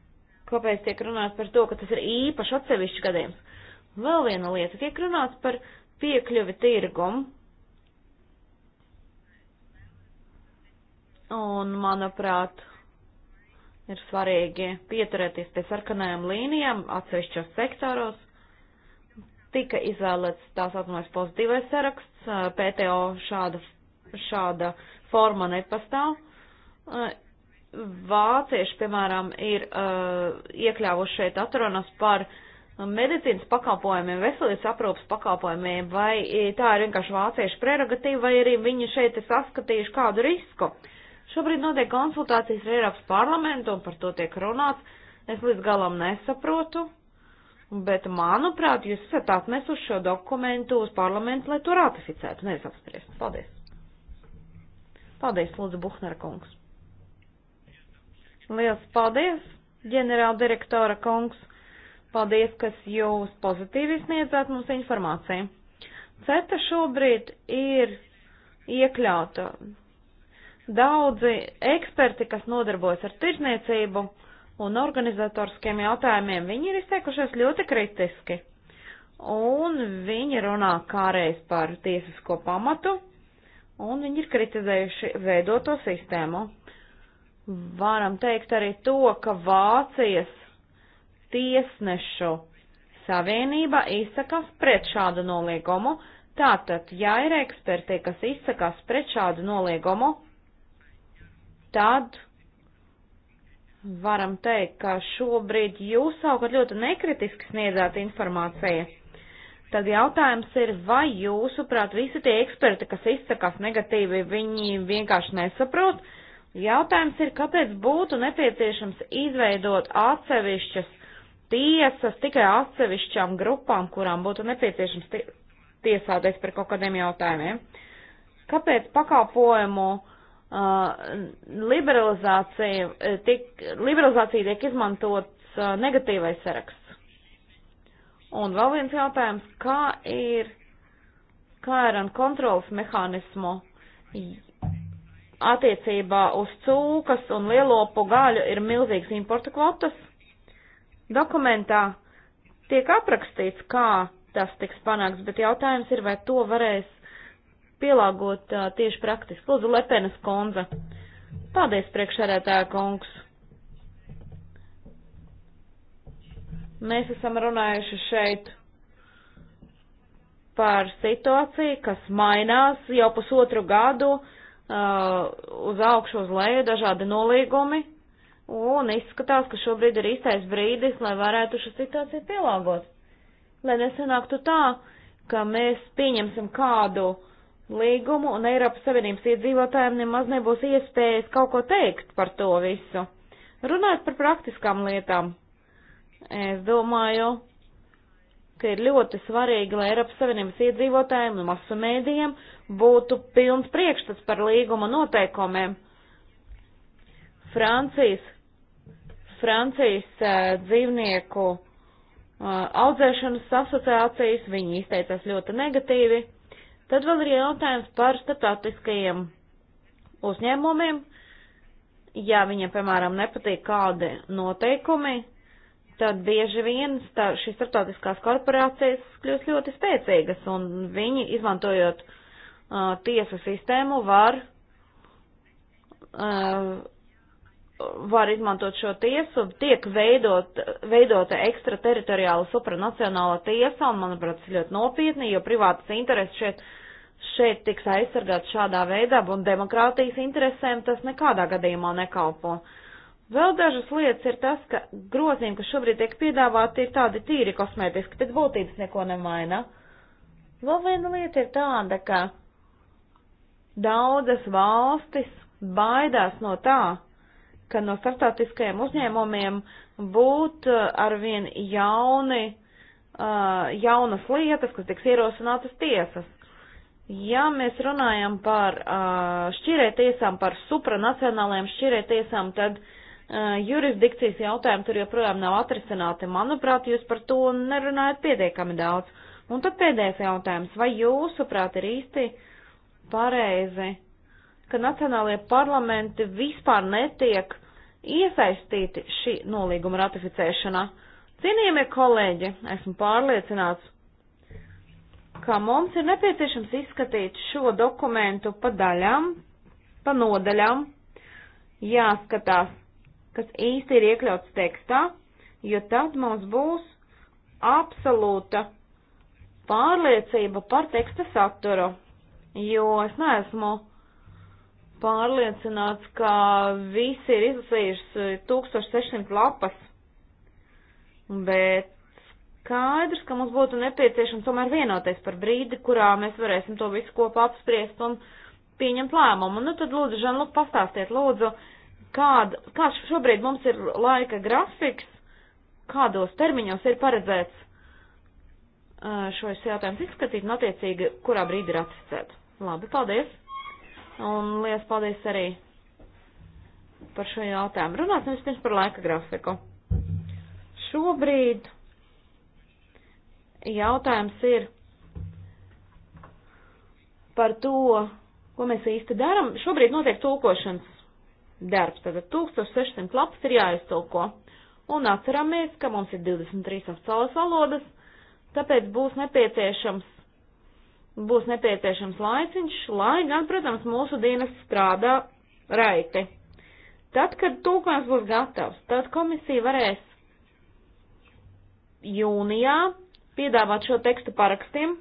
kāpēc tiek runāts par to, ka tas ir īpaši atsevišķi gadījums. Vēl viena lieta, tiek runāts par piekļuvi tirgumu. Un, manuprāt, ir svarīgi pieturēties pie sarkanajām līnijām atsevišķos sektoros, tika izvēlēts tā saucamais pozitīvais saraksts, PTO šāda, šāda forma nepastāv. Vācieši, piemēram, ir iekļāvuši šeit atrunas par medicīnas pakalpojumiem, veselības aprūpas pakalpojumiem, vai tā ir vienkārši vāciešu prerogatīva, vai arī viņi šeit ir saskatījuši kādu risku. Šobrīd notiek konsultācijas ar Eiropas parlamentu un par to tiek runāts. Es līdz galam nesaprotu, Bet, manuprāt, jūs esat atnesuši šo dokumentu uz parlamentu, lai to ratificētu, nevis apspriest. Paldies. Paldies, Lūdzu, Buhnera kungs. Lielas paldies, ģenerāla direktora kungs. Paldies, kas jūs pozitīvi sniedzāt mums informāciju. CETA šobrīd ir iekļauta daudzi eksperti, kas nodarbojas ar tirzniecību un organizatoriskiem jautājumiem, viņi ir izteikušies ļoti kritiski. Un viņi runā kāreiz par tiesisko pamatu, un viņi ir kritizējuši veidoto sistēmu. Varam teikt arī to, ka Vācijas tiesnešu savienība izsakās pret šādu noliegumu. Tātad, ja ir eksperti, kas izsakās pret šādu noliegumu, tad varam teikt, ka šobrīd jūs savukārt ļoti nekritiski sniedzāt informāciju. Tad jautājums ir, vai jūsuprāt visi tie eksperti, kas izsakās negatīvi, viņi vienkārši nesaprot? Jautājums ir, kāpēc būtu nepieciešams izveidot atsevišķas tiesas tikai atsevišķām grupām, kurām būtu nepieciešams tiesāties par kaut kādiem jautājumiem? Kāpēc pakalpojumu uh, Uh, liberalizācija, eh, tik, liberalizācija tiek izmantots uh, negatīvais saraksts. Un vēl viens jautājums, kā ir, kā ir ar kontrolas mehānismu attiecībā uz cūkas un lielopu gaļu ir milzīgs importa kvotas? Dokumentā tiek aprakstīts, kā tas tiks panāks, bet jautājums ir, vai to varēs pielāgot uh, tieši praktiski. Lūdzu, Lepenes konza. Paldies, priekšsēdētāja kungs. Mēs esam runājuši šeit par situāciju, kas mainās jau pusotru gadu uh, uz augšu, uz leju, dažādi nolīgumi, un izskatās, ka šobrīd ir īstais brīdis, lai varētu šo situāciju pielāgot. Lai nesanāktu tā, ka mēs pieņemsim kādu uh, līgumu, un Eiropas Savienības iedzīvotājiem nemaz nebūs iespējas kaut ko teikt par to visu. Runājot par praktiskām lietām, es domāju, ka ir ļoti svarīgi, lai Eiropas Savienības iedzīvotājiem un masu mēdījiem būtu pilns priekšstats par līguma noteikumiem. Francijas, Francijas uh, dzīvnieku uh, audzēšanas asociācijas, viņi izteicās ļoti negatīvi Tad vēl ir jautājums par starptautiskajiem uzņēmumiem. Ja viņiem, piemēram, nepatīk kādi noteikumi, tad bieži vien šīs starptautiskās korporācijas kļūst ļoti spēcīgas, un viņi, izmantojot uh, tiesu sistēmu, var uh, var izmantot šo tiesu, tiek veidot, veidota ekstrateritoriāla supranacionāla tiesa, un, manuprāt, tas ļoti nopietni, jo privātas intereses šeit, šeit tiks aizsargāts šādā veidā, un demokrātijas interesēm tas nekādā gadījumā nekalpo. Vēl dažas lietas ir tas, ka grozījumi, kas šobrīd tiek piedāvāti, ir tādi tīri kosmētiski, bet būtības neko nemaina. Vēl viena lieta ir tāda, ka daudzas valstis baidās no tā, ka no startautiskajiem uzņēmumiem būt uh, arvien jauni, uh, jaunas lietas, kas tiks ierosinātas tiesas. Ja mēs runājam par uh, šķirētiesām, par supranacionālajām šķirētiesām, tad jurisdikcijas jautājumi tur joprojām nav atrisināti. Manuprāt, jūs par to nerunājat pietiekami daudz. Un tad pēdējais jautājums, vai jūsuprāt ir īsti pareizi ka nacionālajie parlamenti vispār netiek iesaistīti šī nolīguma ratificēšanā. Cienījamie kolēģi, esmu pārliecināts, ka mums ir nepieciešams izskatīt šo dokumentu pa daļām, pa nodaļām, jāskatās, kas īsti ir iekļauts tekstā, jo tad mums būs absolūta pārliecība par teksta saturu, jo es neesmu pārliecināts, ka visi ir izlasījuši eh, 1600 lapas, bet skaidrs, ka mums būtu nepieciešams tomēr vienoties par brīdi, kurā mēs varēsim to visu kopā apspriest un pieņemt lēmumu. Nu tad lūdzu, Žanluk, pastāstiet, lūdzu, kād, kāds šobrīd mums ir laika grafiks, kādos termiņos ir paredzēts eh, šos jautājumus izskatīt un attiecīgi, kurā brīdī ratificēt. Labi, paldies! Un liels paldies arī par šo jautājumu. Runāsim vispirms par laika grafiku. Šobrīd jautājums ir par to, ko mēs īsti darām. Šobrīd notiek tulkošanas darbs, tātad 1600 lapas ir jāiztulko. Un atceramies, ka mums ir 23 oficiālas valodas, tāpēc būs nepieciešams būs nepieciešams laiciņš, lai gan, protams, mūsu dienas strādā raiti. Tad, kad tūkojums būs gatavs, tad komisija varēs jūnijā piedāvāt šo tekstu parakstiem,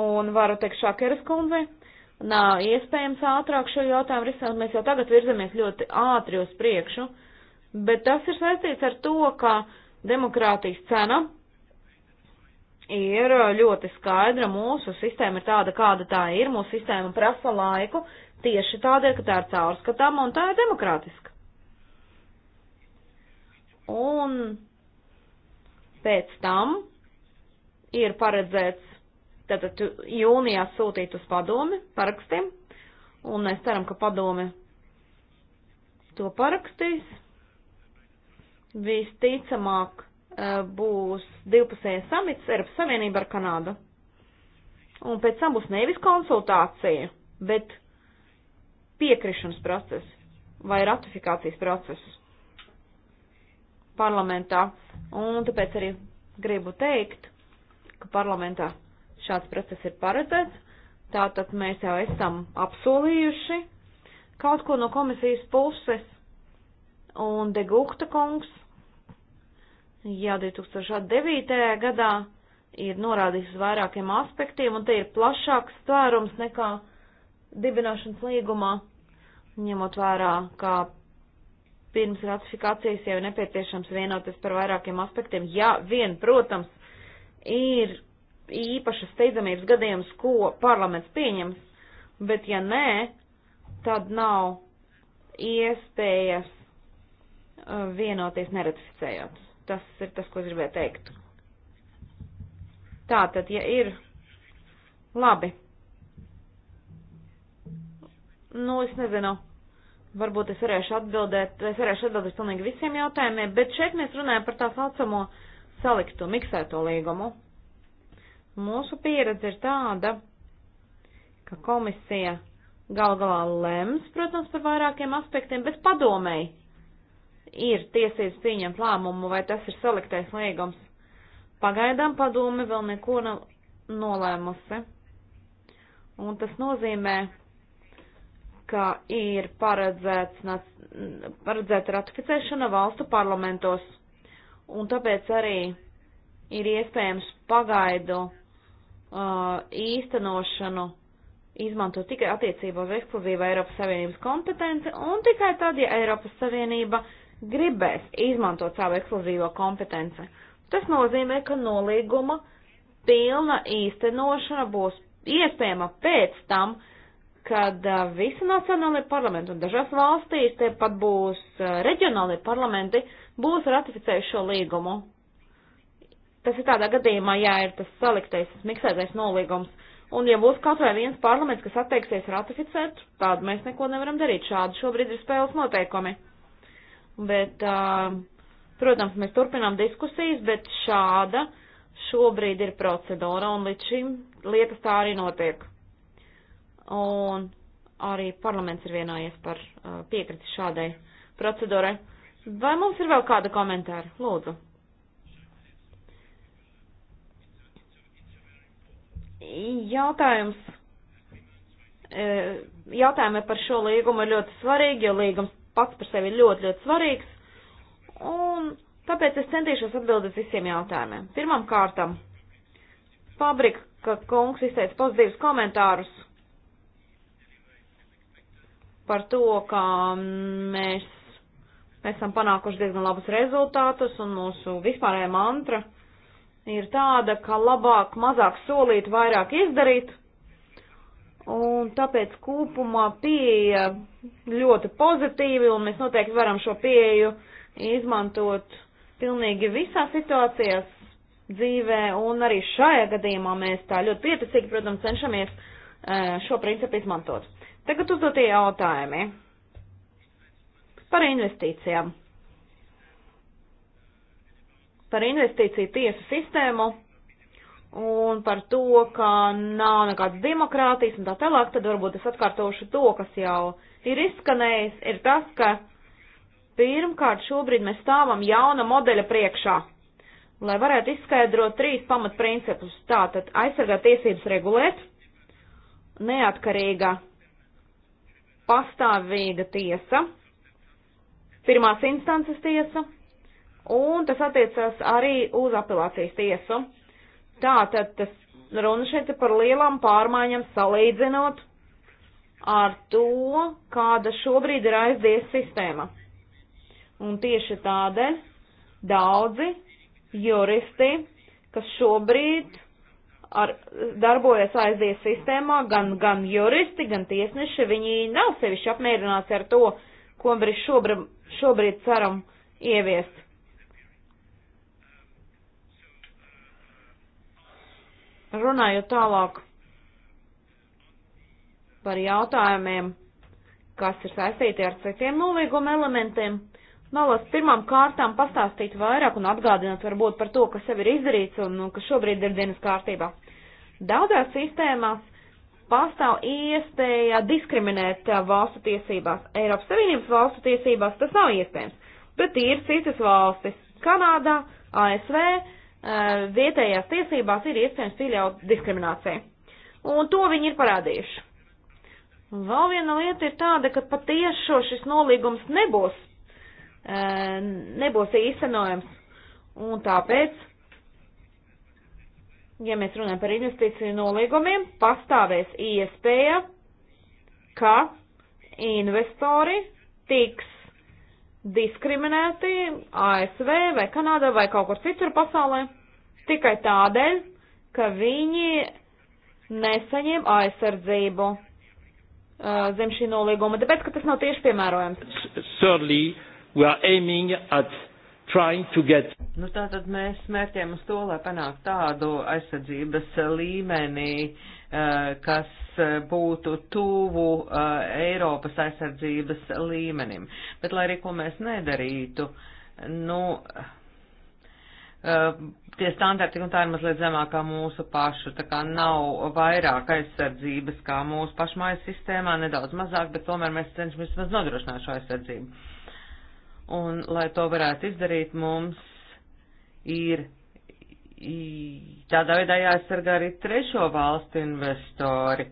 un varu teikt Šakeras kundzei, nav iespējams ātrāk šo jautājumu risināt, mēs jau tagad virzamies ļoti ātri uz priekšu, bet tas ir saistīts ar to, ka demokrātijas cena ir uh, ļoti skaidra. Mūsu sistēma ir tāda, kāda tā ir. Mūsu sistēma prasa laiku tieši tādēļ, ka tā ir caurskatāma un tā ir demokrātiska. Un pēc tam ir paredzēts tātad jūnijā sūtīt uz padomi parakstiem, un mēs ceram, ka padome to parakstīs. Visticamāk, Eh, būs divpusējais samits Eiropas Savienība ar Kanādu. Un pēc tam būs nevis konsultācija, bet piekrišanas process vai ratifikācijas process parlamentā. Un tāpēc arī gribu teikt, ka parlamentā šāds process ir paredzēts. Tātad mēs jau esam apsolījuši kaut ko no komisijas puses. Un Degukta kungs jau 2009. gadā ir norādījis uz vairākiem aspektiem, un te ir plašāks tvērums nekā dibināšanas līgumā, ņemot vērā, ka pirms ratifikācijas jau ir nepieciešams vienoties par vairākiem aspektiem. Ja vien, protams, ir īpašas steidzamības gadījums, ko parlaments pieņems, bet ja nē, tad nav iespējas uh, vienoties neratificējot. Tas ir tas, ko es gribēju teikt. Tā tad, ja ir labi, nu, es nezinu, varbūt es varēšu atbildēt, es varēšu atbildēt pilnīgi visiem jautājumiem, bet šeit mēs runājam par tā saucamo saliktu, miksēto līgumu. Mūsu pieredze ir tāda, ka komisija gal galā lems, protams, par vairākiem aspektiem, bet padomēji ir tiesības pieņemt lēmumu, vai tas ir saliktais liegums. Pagaidām padome vēl neko nav nolēmusi. Un tas nozīmē, ka ir paredzēts, paredzēta ratificēšana valstu parlamentos. Un tāpēc arī ir iespējams pagaidu uh, īstenošanu izmantot tikai attiecībā uz ekskluzīvu Eiropas Savienības kompetenci un tikai tad, ja Eiropas Savienība uh, gribēs izmantot savu ekskluzīvo kompetenci. Tas nozīmē, ka nolīguma pilna īstenošana būs iespējama pēc tam, kad uh, visi nacionālajie parlamenti un dažās valstīs, te pat būs uh, reģionālajie parlamenti, būs ratificējuši šo līgumu. Tas ir tādā gadījumā, ja ir tas saliktais, miksētais nolīgums, un ja būs kaut vai viens parlaments, kas atteiksies ratificēt, tādu mēs neko nevaram darīt. Šādi šobrīd ir spēles noteikumi. Bet, protams, mēs turpinām diskusijas, bet šāda šobrīd ir procedūra, un līdz šim lietas tā arī notiek. Un arī parlaments ir vienojies par piekriti šādai procedūrai. Vai mums ir vēl kāda komentāra? Lūdzu. Jautājums. Jautājumi par šo līgumu ir ļoti svarīgi, jo līgums pats par sevi ir ļoti, ļoti svarīgs, un tāpēc es centīšos atbildēt visiem jautājumiem. Pirmam kārtam, Pabrika kungs izteica pozitīvus komentārus par to, ka mēs, mēs esam panākuši diezgan labus rezultātus, un mūsu vispārējā mantra ir tāda, ka labāk mazāk solīt, vairāk izdarīt – Un tāpēc kopumā pieeja ļoti pozitīvi, un mēs noteikti varam šo pieeju izmantot pilnīgi visā situācijās dzīvē, un arī šajā gadījumā mēs tā ļoti pieticīgi, protams, cenšamies eh, šo principu izmantot. Tagad uzdotie jautājumi par investīcijām. Par investīciju tiesu sistēmu un par to, ka nav nekādas demokrātijas un tā tālāk, tad varbūt es atkārtošu to, kas jau ir izskanējis, ir tas, ka pirmkārt šobrīd mēs stāvam jauna modeļa priekšā, lai varētu izskaidrot trīs pamatprincipus. Tātad aizsargāt tiesības regulēt, neatkarīga pastāvīga tiesa, pirmās instances tiesa, un tas attiecas arī uz apelācijas tiesu Tātad tas runa šeit par lielām pārmaiņām salīdzinot ar to, kāda šobrīd ir aizdies sistēma. Un tieši tādēļ daudzi juristi, kas šobrīd ar, darbojas aizdies sistēmā, gan, gan juristi, gan tiesneši, viņi nav sevišķi apmierināti ar to, ko mēs šobrīd, šobrīd ceram ieviest. Runājot tālāk par jautājumiem, kas ir saistīti ar citiem nolīguma elementiem, vēlos pirmām kārtām pastāstīt vairāk un atgādināt varbūt par to, kas jau ir izdarīts un kas šobrīd ir dienas kārtībā. Daudzās sistēmās pastāv iespēja diskriminēt uh, valstu tiesībās. Eiropas Savienības valstu tiesībās tas nav iespējams, bet ir citas valstis - Kanādā, ASV, Eh, vietējās tiesībās ir iespējams pieļaut diskrimināciju. Un to viņi ir parādījuši. Un vēl viena lieta ir tāda, ka patiešo šis nolīgums nebūs, eh, nebūs īstenojams. Un tāpēc, ja mēs runājam par investīciju nolīgumiem, pastāvēs iespēja, ka investori tiks diskriminēti ASV vai Kanādā vai kaut kur citur pasaulē tikai tādēļ, ka viņi nesaņem aizsardzību uh, zem šī nolīguma, tāpēc, ka tas nav tieši piemērojams. Thirdly, we are aiming at trying to get. Nu, tātad mēs smērķiem uz to, lai panāktu tādu aizsardzības līmeni, uh, Eh, kas eh, būtu tuvu eh, Eiropas aizsardzības līmenim. Bet, lai arī ko mēs nedarītu, nu, tie standarti, un tā ir mazliet zemākā mūsu pašu, tā kā nav vairāk aizsardzības kā mūsu pašu mājas sistēmā, nedaudz mazāk, bet tomēr mēs cenšamies vismaz nodrošināt šo aizsardzību. Un, lai to varētu izdarīt, mums ir tādā veidā jāaizsargā arī trešo valstu investori.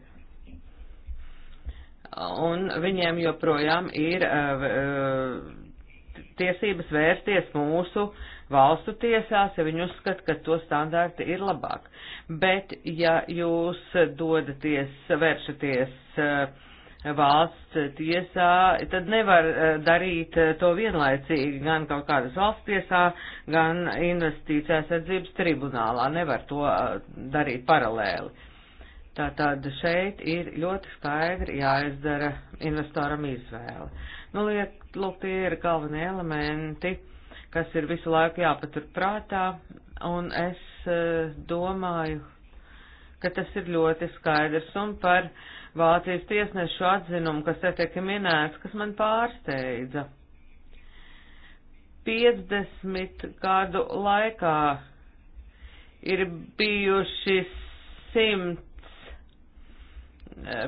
Un viņiem joprojām ir uh, uh, tiesības vērsties mūsu valstu tiesās, ja viņi uzskata, ka to standārti ir labāk. Bet, ja jūs dodaties, vēršaties uh, valsts tiesā, tad nevar eh, darīt eh, to vienlaicīgi gan kaut kādas valsts tiesā, gan investīcijās atzības tribunālā. Nevar to eh, darīt paralēli. Tātad šeit ir ļoti skaidri jāizdara investoram izvēle. Nu, liek, lūk, tie ir galvenie elementi, kas ir visu laiku jāpatur prātā, un es domāju, ka tas ir ļoti skaidrs un par uh, Vācijas tiesnešu atzinumu, kas te tiek minēts, kas man pārsteidza. 50 gadu laikā ir bijuši 100 eh,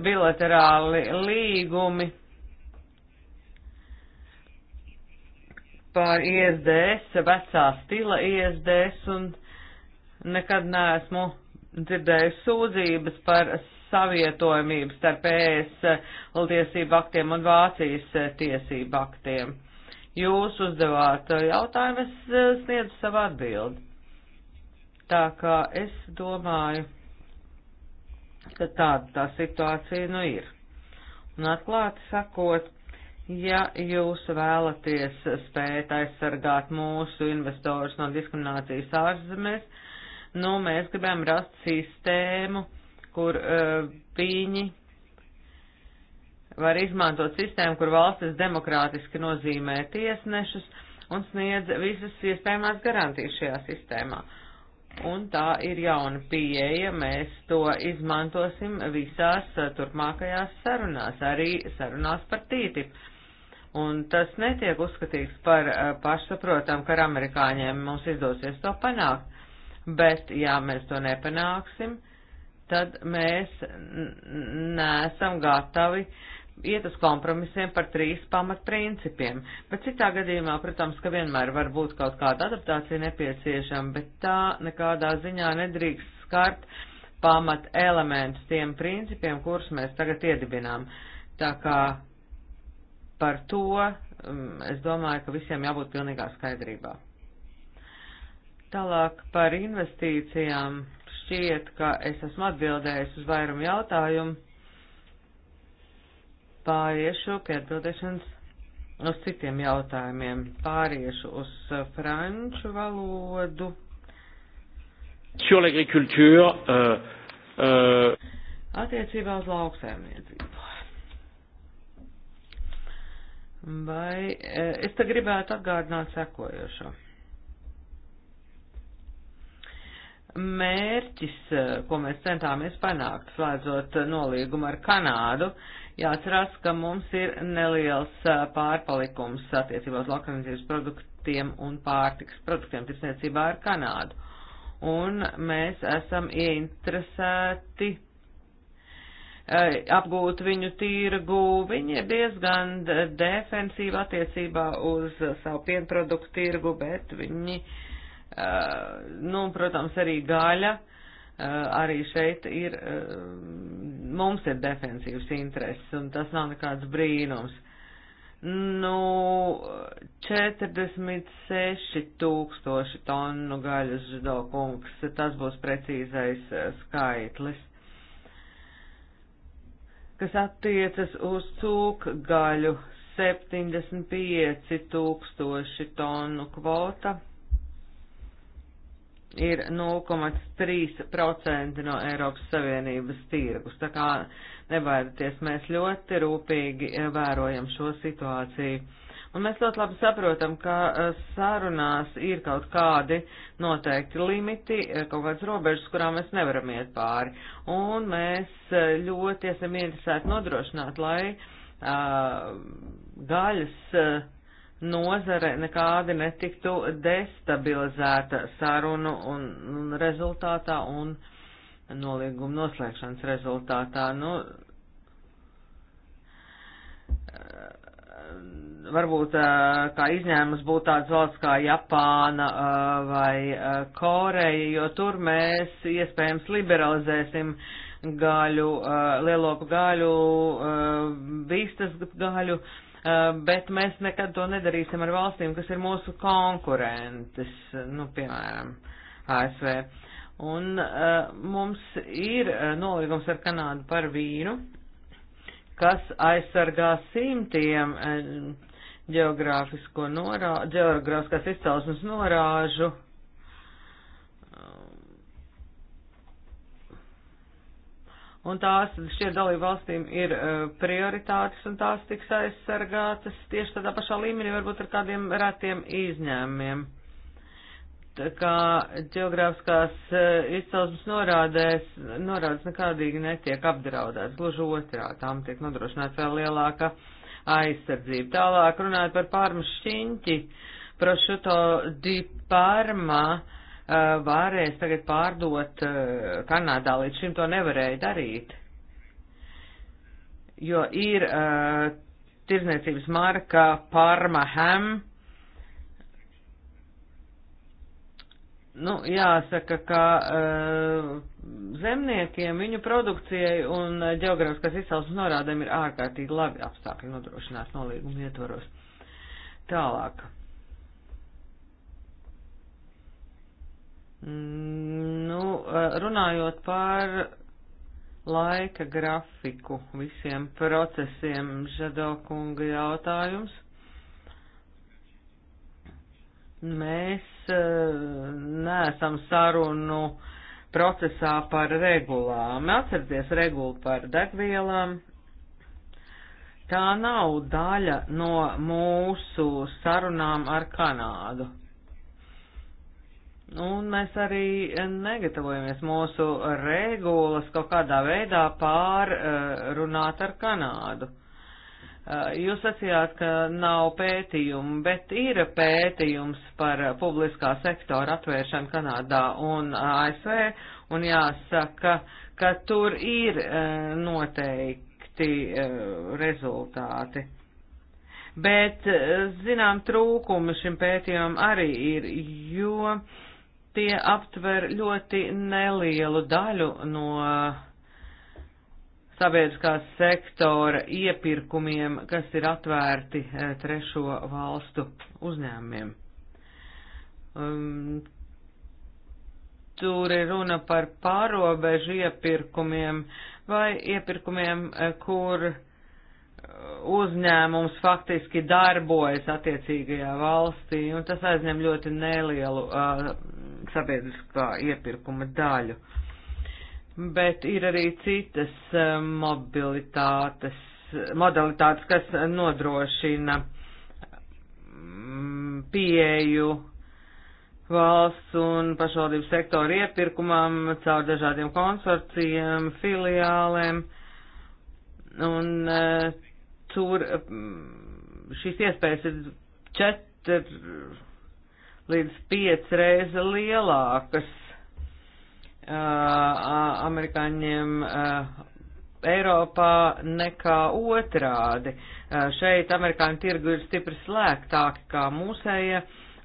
bilaterāli līgumi par ISDS, vecā stila ISDS, un nekad neesmu dzirdējusi sūdzības par savietojamību starp ES tiesību aktiem un Vācijas tiesību aktiem. Jūs uzdevāt jautājumu, es sniedzu savu atbildi. Tā kā es domāju, ka tāda tā situācija nu ir. Un atklāti sakot, ja jūs vēlaties spēt aizsargāt mūsu investorus no diskriminācijas ārzemēs, nu, mēs gribam rast sistēmu, uh, kur uh, viņi var izmantot sistēmu, kur valstis demokrātiski nozīmē tiesnešus un sniedz visas iespējamās garantijas šajā sistēmā. Un tā ir jauna pieeja, mēs to izmantosim visās e, turpmākajās sarunās, arī sarunās par tītip. Un tas netiek uzskatīts par e, pašsaprotam, ka ar amerikāņiem mums izdosies to panākt, bet ja mēs to nepanāksim, uh, tad mēs nesam gatavi iet uz kompromisiem par trīs pamatprincipiem. Bet citā gadījumā, protams, ka vienmēr var būt kaut kāda adaptācija nepieciešama, bet tā nekādā ziņā nedrīkst skart pamat elementus tiem principiem, kurus mēs tagad iedibinām. Tā kā par to es domāju, ka visiem jābūt pilnīgā skaidrībā. Tālāk par investīcijām šķiet, ka es esmu atbildējis uz vairumu jautājumu. Pāriešu pie atbildēšanas uz citiem jautājumiem. Pāriešu uz uh, franču valodu. Sur l'agriculture, uh, uh... attiecībā uz lauksaimniecību. Vai uh, es te gribētu atgādināt sekojošo? mērķis, eh, ko mēs centāmies panākt, slēdzot eh, nolīgumu ar Kanādu, jāatcerās, ka mums ir neliels eh, pārpalikums attiecībā uz lauksaimniecības produktiem un pārtiks produktiem tirsniecībā ar Kanādu. Un mēs esam ieinteresēti apgūt viņu tirgu. Viņi ir diezgan defensīvi attiecībā uz savu pienproduktu tirgu, bet viņi uh, Eh, nu, protams, arī gaļa, eh, arī šeit ir, eh, mums ir defensīvs intereses, un tas nav nekāds brīnums. Nu, 46 tūkstoši tonu gaļas židokungs, tas būs precīzais skaitlis. Kas attiecas uz cūkgaļu, 75 tūkstoši tonu kvota ir 0,3% no Eiropas Savienības tirgus. Tā kā nebaidieties, mēs ļoti rūpīgi vērojam šo situāciju. Un mēs ļoti labi saprotam, ka eh, sarunās ir kaut kādi noteikti limiti, eh, kaut kādas robežas, kurām mēs nevaram iet pāri. Un mēs eh, ļoti esam interesēti nodrošināt, lai uh, gaļas uh, nozare nekādi netiktu destabilizēta sarunu un, un rezultātā un nolīguma noslēgšanas rezultātā. Nu, varbūt eh, kā izņēmums būtu tāds valsts kā Japāna eh, vai eh, Koreja, jo tur mēs iespējams liberalizēsim gaļu, lielopu gaļu, vistas gaļu, Eh, bet mēs nekad to nedarīsim ar valstīm, kas ir mūsu konkurentes, nu, piemēram, ASV. Un eh, mums ir eh, nolīgums ar Kanādu par vīnu, kas aizsargā simtiem geogrāfisko norā, geogrāfiskās izcelsmes norāžu un tās šie dalību valstīm ir e, prioritātes, un tās tiks aizsargātas tieši tādā pašā līmenī, varbūt ar kādiem retiem izņēmumiem. Tā kā ģeogrāfiskās e, izcelsmes norādēs, norādes nekādīgi netiek apdraudētas, gluži otrā, tām tiek nodrošināts vēl lielāka aizsardzība. Tālāk runājot par pārmas šķiņķi, prošuto di parma, uh, varēs tagad pārdot Kanādā, līdz šim to nevarēja darīt. Jo ir uh, tirzniecības marka Parmaham. Nu, jāsaka, ka uh, zemniekiem viņu produkcijai un ģeogrāfiskās izcelsmes norādēm ir ārkārtīgi labi apstākļi nodrošinās nolīguma ietvaros. Tālāk. Uh, Mm, nu, eh, runājot par laika grafiku visiem procesiem, Žadokunga jautājums. Mēs eh, neesam sarunu procesā par regulām. Atcerieties regulu par degvielām. Tā nav daļa no mūsu sarunām ar Kanādu Un mēs arī negatavojamies mūsu regulas kaut kādā veidā pārrunāt eh, ar Kanādu. Eh, jūs sacījāt, ka nav pētījumu, bet ir pētījums par publiskā sektora atvēršanu Kanādā un ASV, un jāsaka, ka tur ir eh, noteikti rezultāti. Bet, zinām, trūkumi šim pētījumam arī ir, jo tie aptver ļoti nelielu daļu no sabiedriskās sektora iepirkumiem, kas ir atvērti eh, trešo valstu uzņēmumiem. Um, tur ir runa par pārobežu iepirkumiem vai iepirkumiem, eh, kur uzņēmums faktiski darbojas attiecīgajā valstī, un tas aizņem ļoti nelielu uh, sabiedriskā iepirkuma daļu. Bet ir arī citas uh, mobilitātes, modalitātes, kas nodrošina mm, pieeju valsts un pašvaldību sektoru iepirkumam caur dažādiem konsorcijiem, filiālēm. Un uh, tur mm, šīs iespējas ir četr līdz piec reizi lielākas uh, amerikāņiem uh, Eiropā nekā otrādi. Uh, šeit amerikāņu tirgu ir stipri slēgtāki kā mūsējie,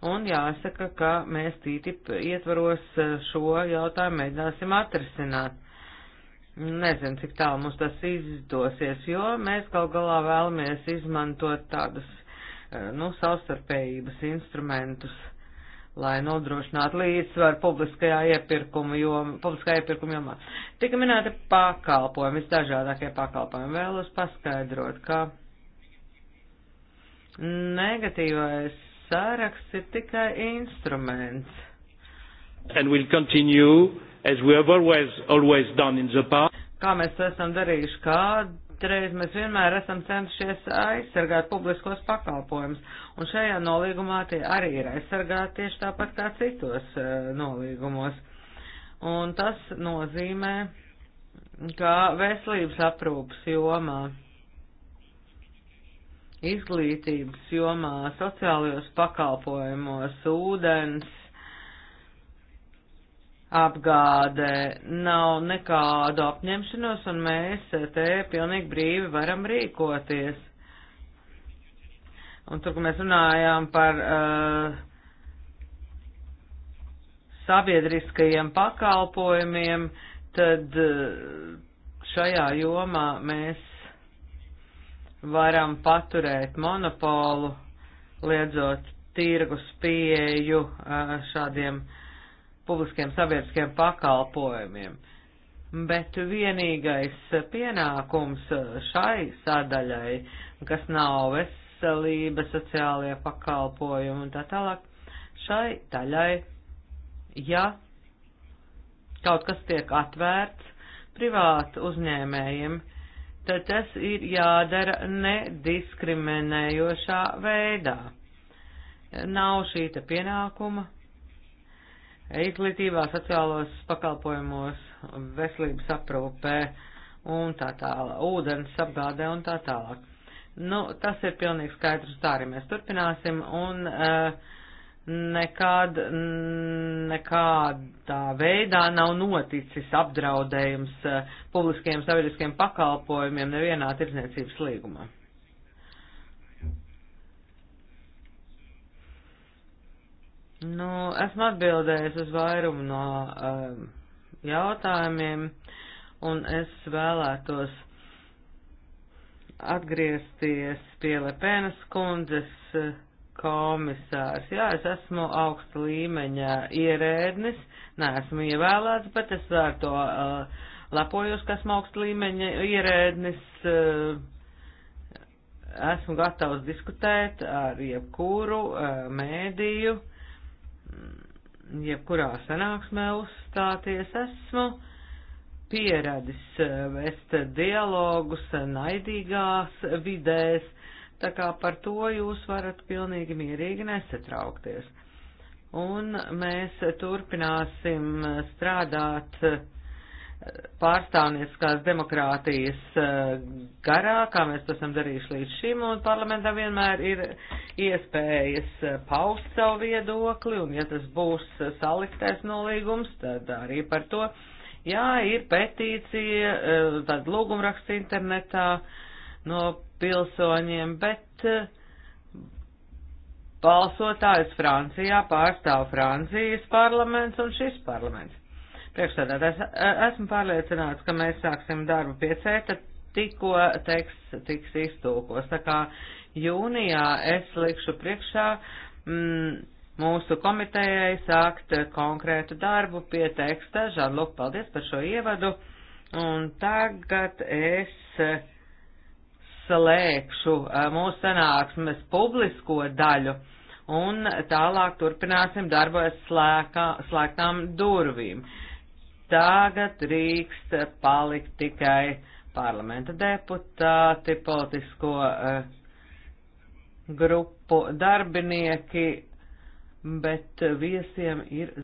un jāsaka, ka mēs tītip ietvaros šo jautājumu mēģināsim atrisināt. Nezinu, cik tālu mums tas izdosies, jo mēs gal galā vēlamies izmantot tādus, eh, nu, savstarpējības instrumentus, lai nodrošinātu līdzsvaru publiskajā iepirkuma jomā, publiskā iepirkuma jomā. Tika minēta pakalpojumi, visdažādākie pakalpojumi. Vēlos paskaidrot, ka negatīvais saraksts ir tikai instruments. And we'll continue as we have always, always done in the past kā mēs to esam darījuši, kādreiz mēs vienmēr esam cenšies aizsargāt publiskos pakalpojumus, un šajā nolīgumā tie arī ir aizsargāti tieši tāpat kā citos uh, nolīgumos. Un tas nozīmē, ka veselības aprūpas jomā, izglītības jomā, sociālajos pakalpojumos, ūdens, apgādē, nav nekādu apņemšanos, un mēs te pilnīgi brīvi varam rīkoties. Un tur, kur mēs runājām par uh, sabiedriskajiem pakalpojumiem, tad uh, šajā jomā mēs varam paturēt monopolu, liedzot tirgus pieeju uh, šādiem publiskiem sabiedriskiem pakalpojumiem. Bet vienīgais pienākums šai sadaļai, kas nav veselība, sociālie pakalpojumi un tā tālāk, šai daļai, ja kaut kas tiek atvērts privātu uzņēmējiem, tad tas ir jādara nediskriminējošā veidā. Nav šīta pienākuma izglītībā, sociālos pakalpojumos, veselības aprūpē un tā tālāk, ūdens apgādē un tā tālāk. Nu, tas ir pilnīgi skaidrs, tā arī mēs turpināsim un uh, eh, nekād, nekādā veidā nav noticis apdraudējums uh, eh, publiskiem sabiedriskiem pakalpojumiem nevienā tirdzniecības līgumā. Nu, esmu atbildējis uz vairumu no um, jautājumiem, un es vēlētos atgriezties pie Lepenas kundzes eh, komisārs. Jā, es esmu augsta līmeņa ierēdnis, neesmu ievēlēts, bet es ar to uh, lepojos, ka esmu augsta līmeņa ierēdnis. Uh, esmu gatavs diskutēt ar jebkuru uh, mēdīju jebkurā sanāksmē uzstāties esmu pieradis eh, vest dialogus naidīgās vidēs, tā kā par to jūs varat pilnīgi mierīgi nesatraukties. Un mēs turpināsim strādāt uh, pārstāvnieciskās demokrātijas eh, garā, kā mēs to esam darījuši līdz šim, un parlamentā vienmēr ir iespējas eh, paust savu viedokli, un ja tas būs saliktais nolīgums, tad arī par to. Jā, ir petīcija, eh, tad lūgumraksts internetā no pilsoņiem, bet balsotājs Francijā pārstāv Francijas parlaments un šis parlaments priekšsēdētājs. Esmu pārliecināts, ka mēs sāksim darbu pie cēta, tikko teksts tiks iztūkos. Tā kā jūnijā es likšu priekšā mm, mūsu komitejai sākt konkrētu darbu pie teksta. Žanluk, paldies par šo ievadu. Un tagad es slēgšu mūsu sanāksmes publisko daļu un tālāk turpināsim darbu ar slēgtām durvīm tagad drīkst palikt tikai parlamenta deputāti, politisko uh, grupu darbinieki, bet viesiem ir.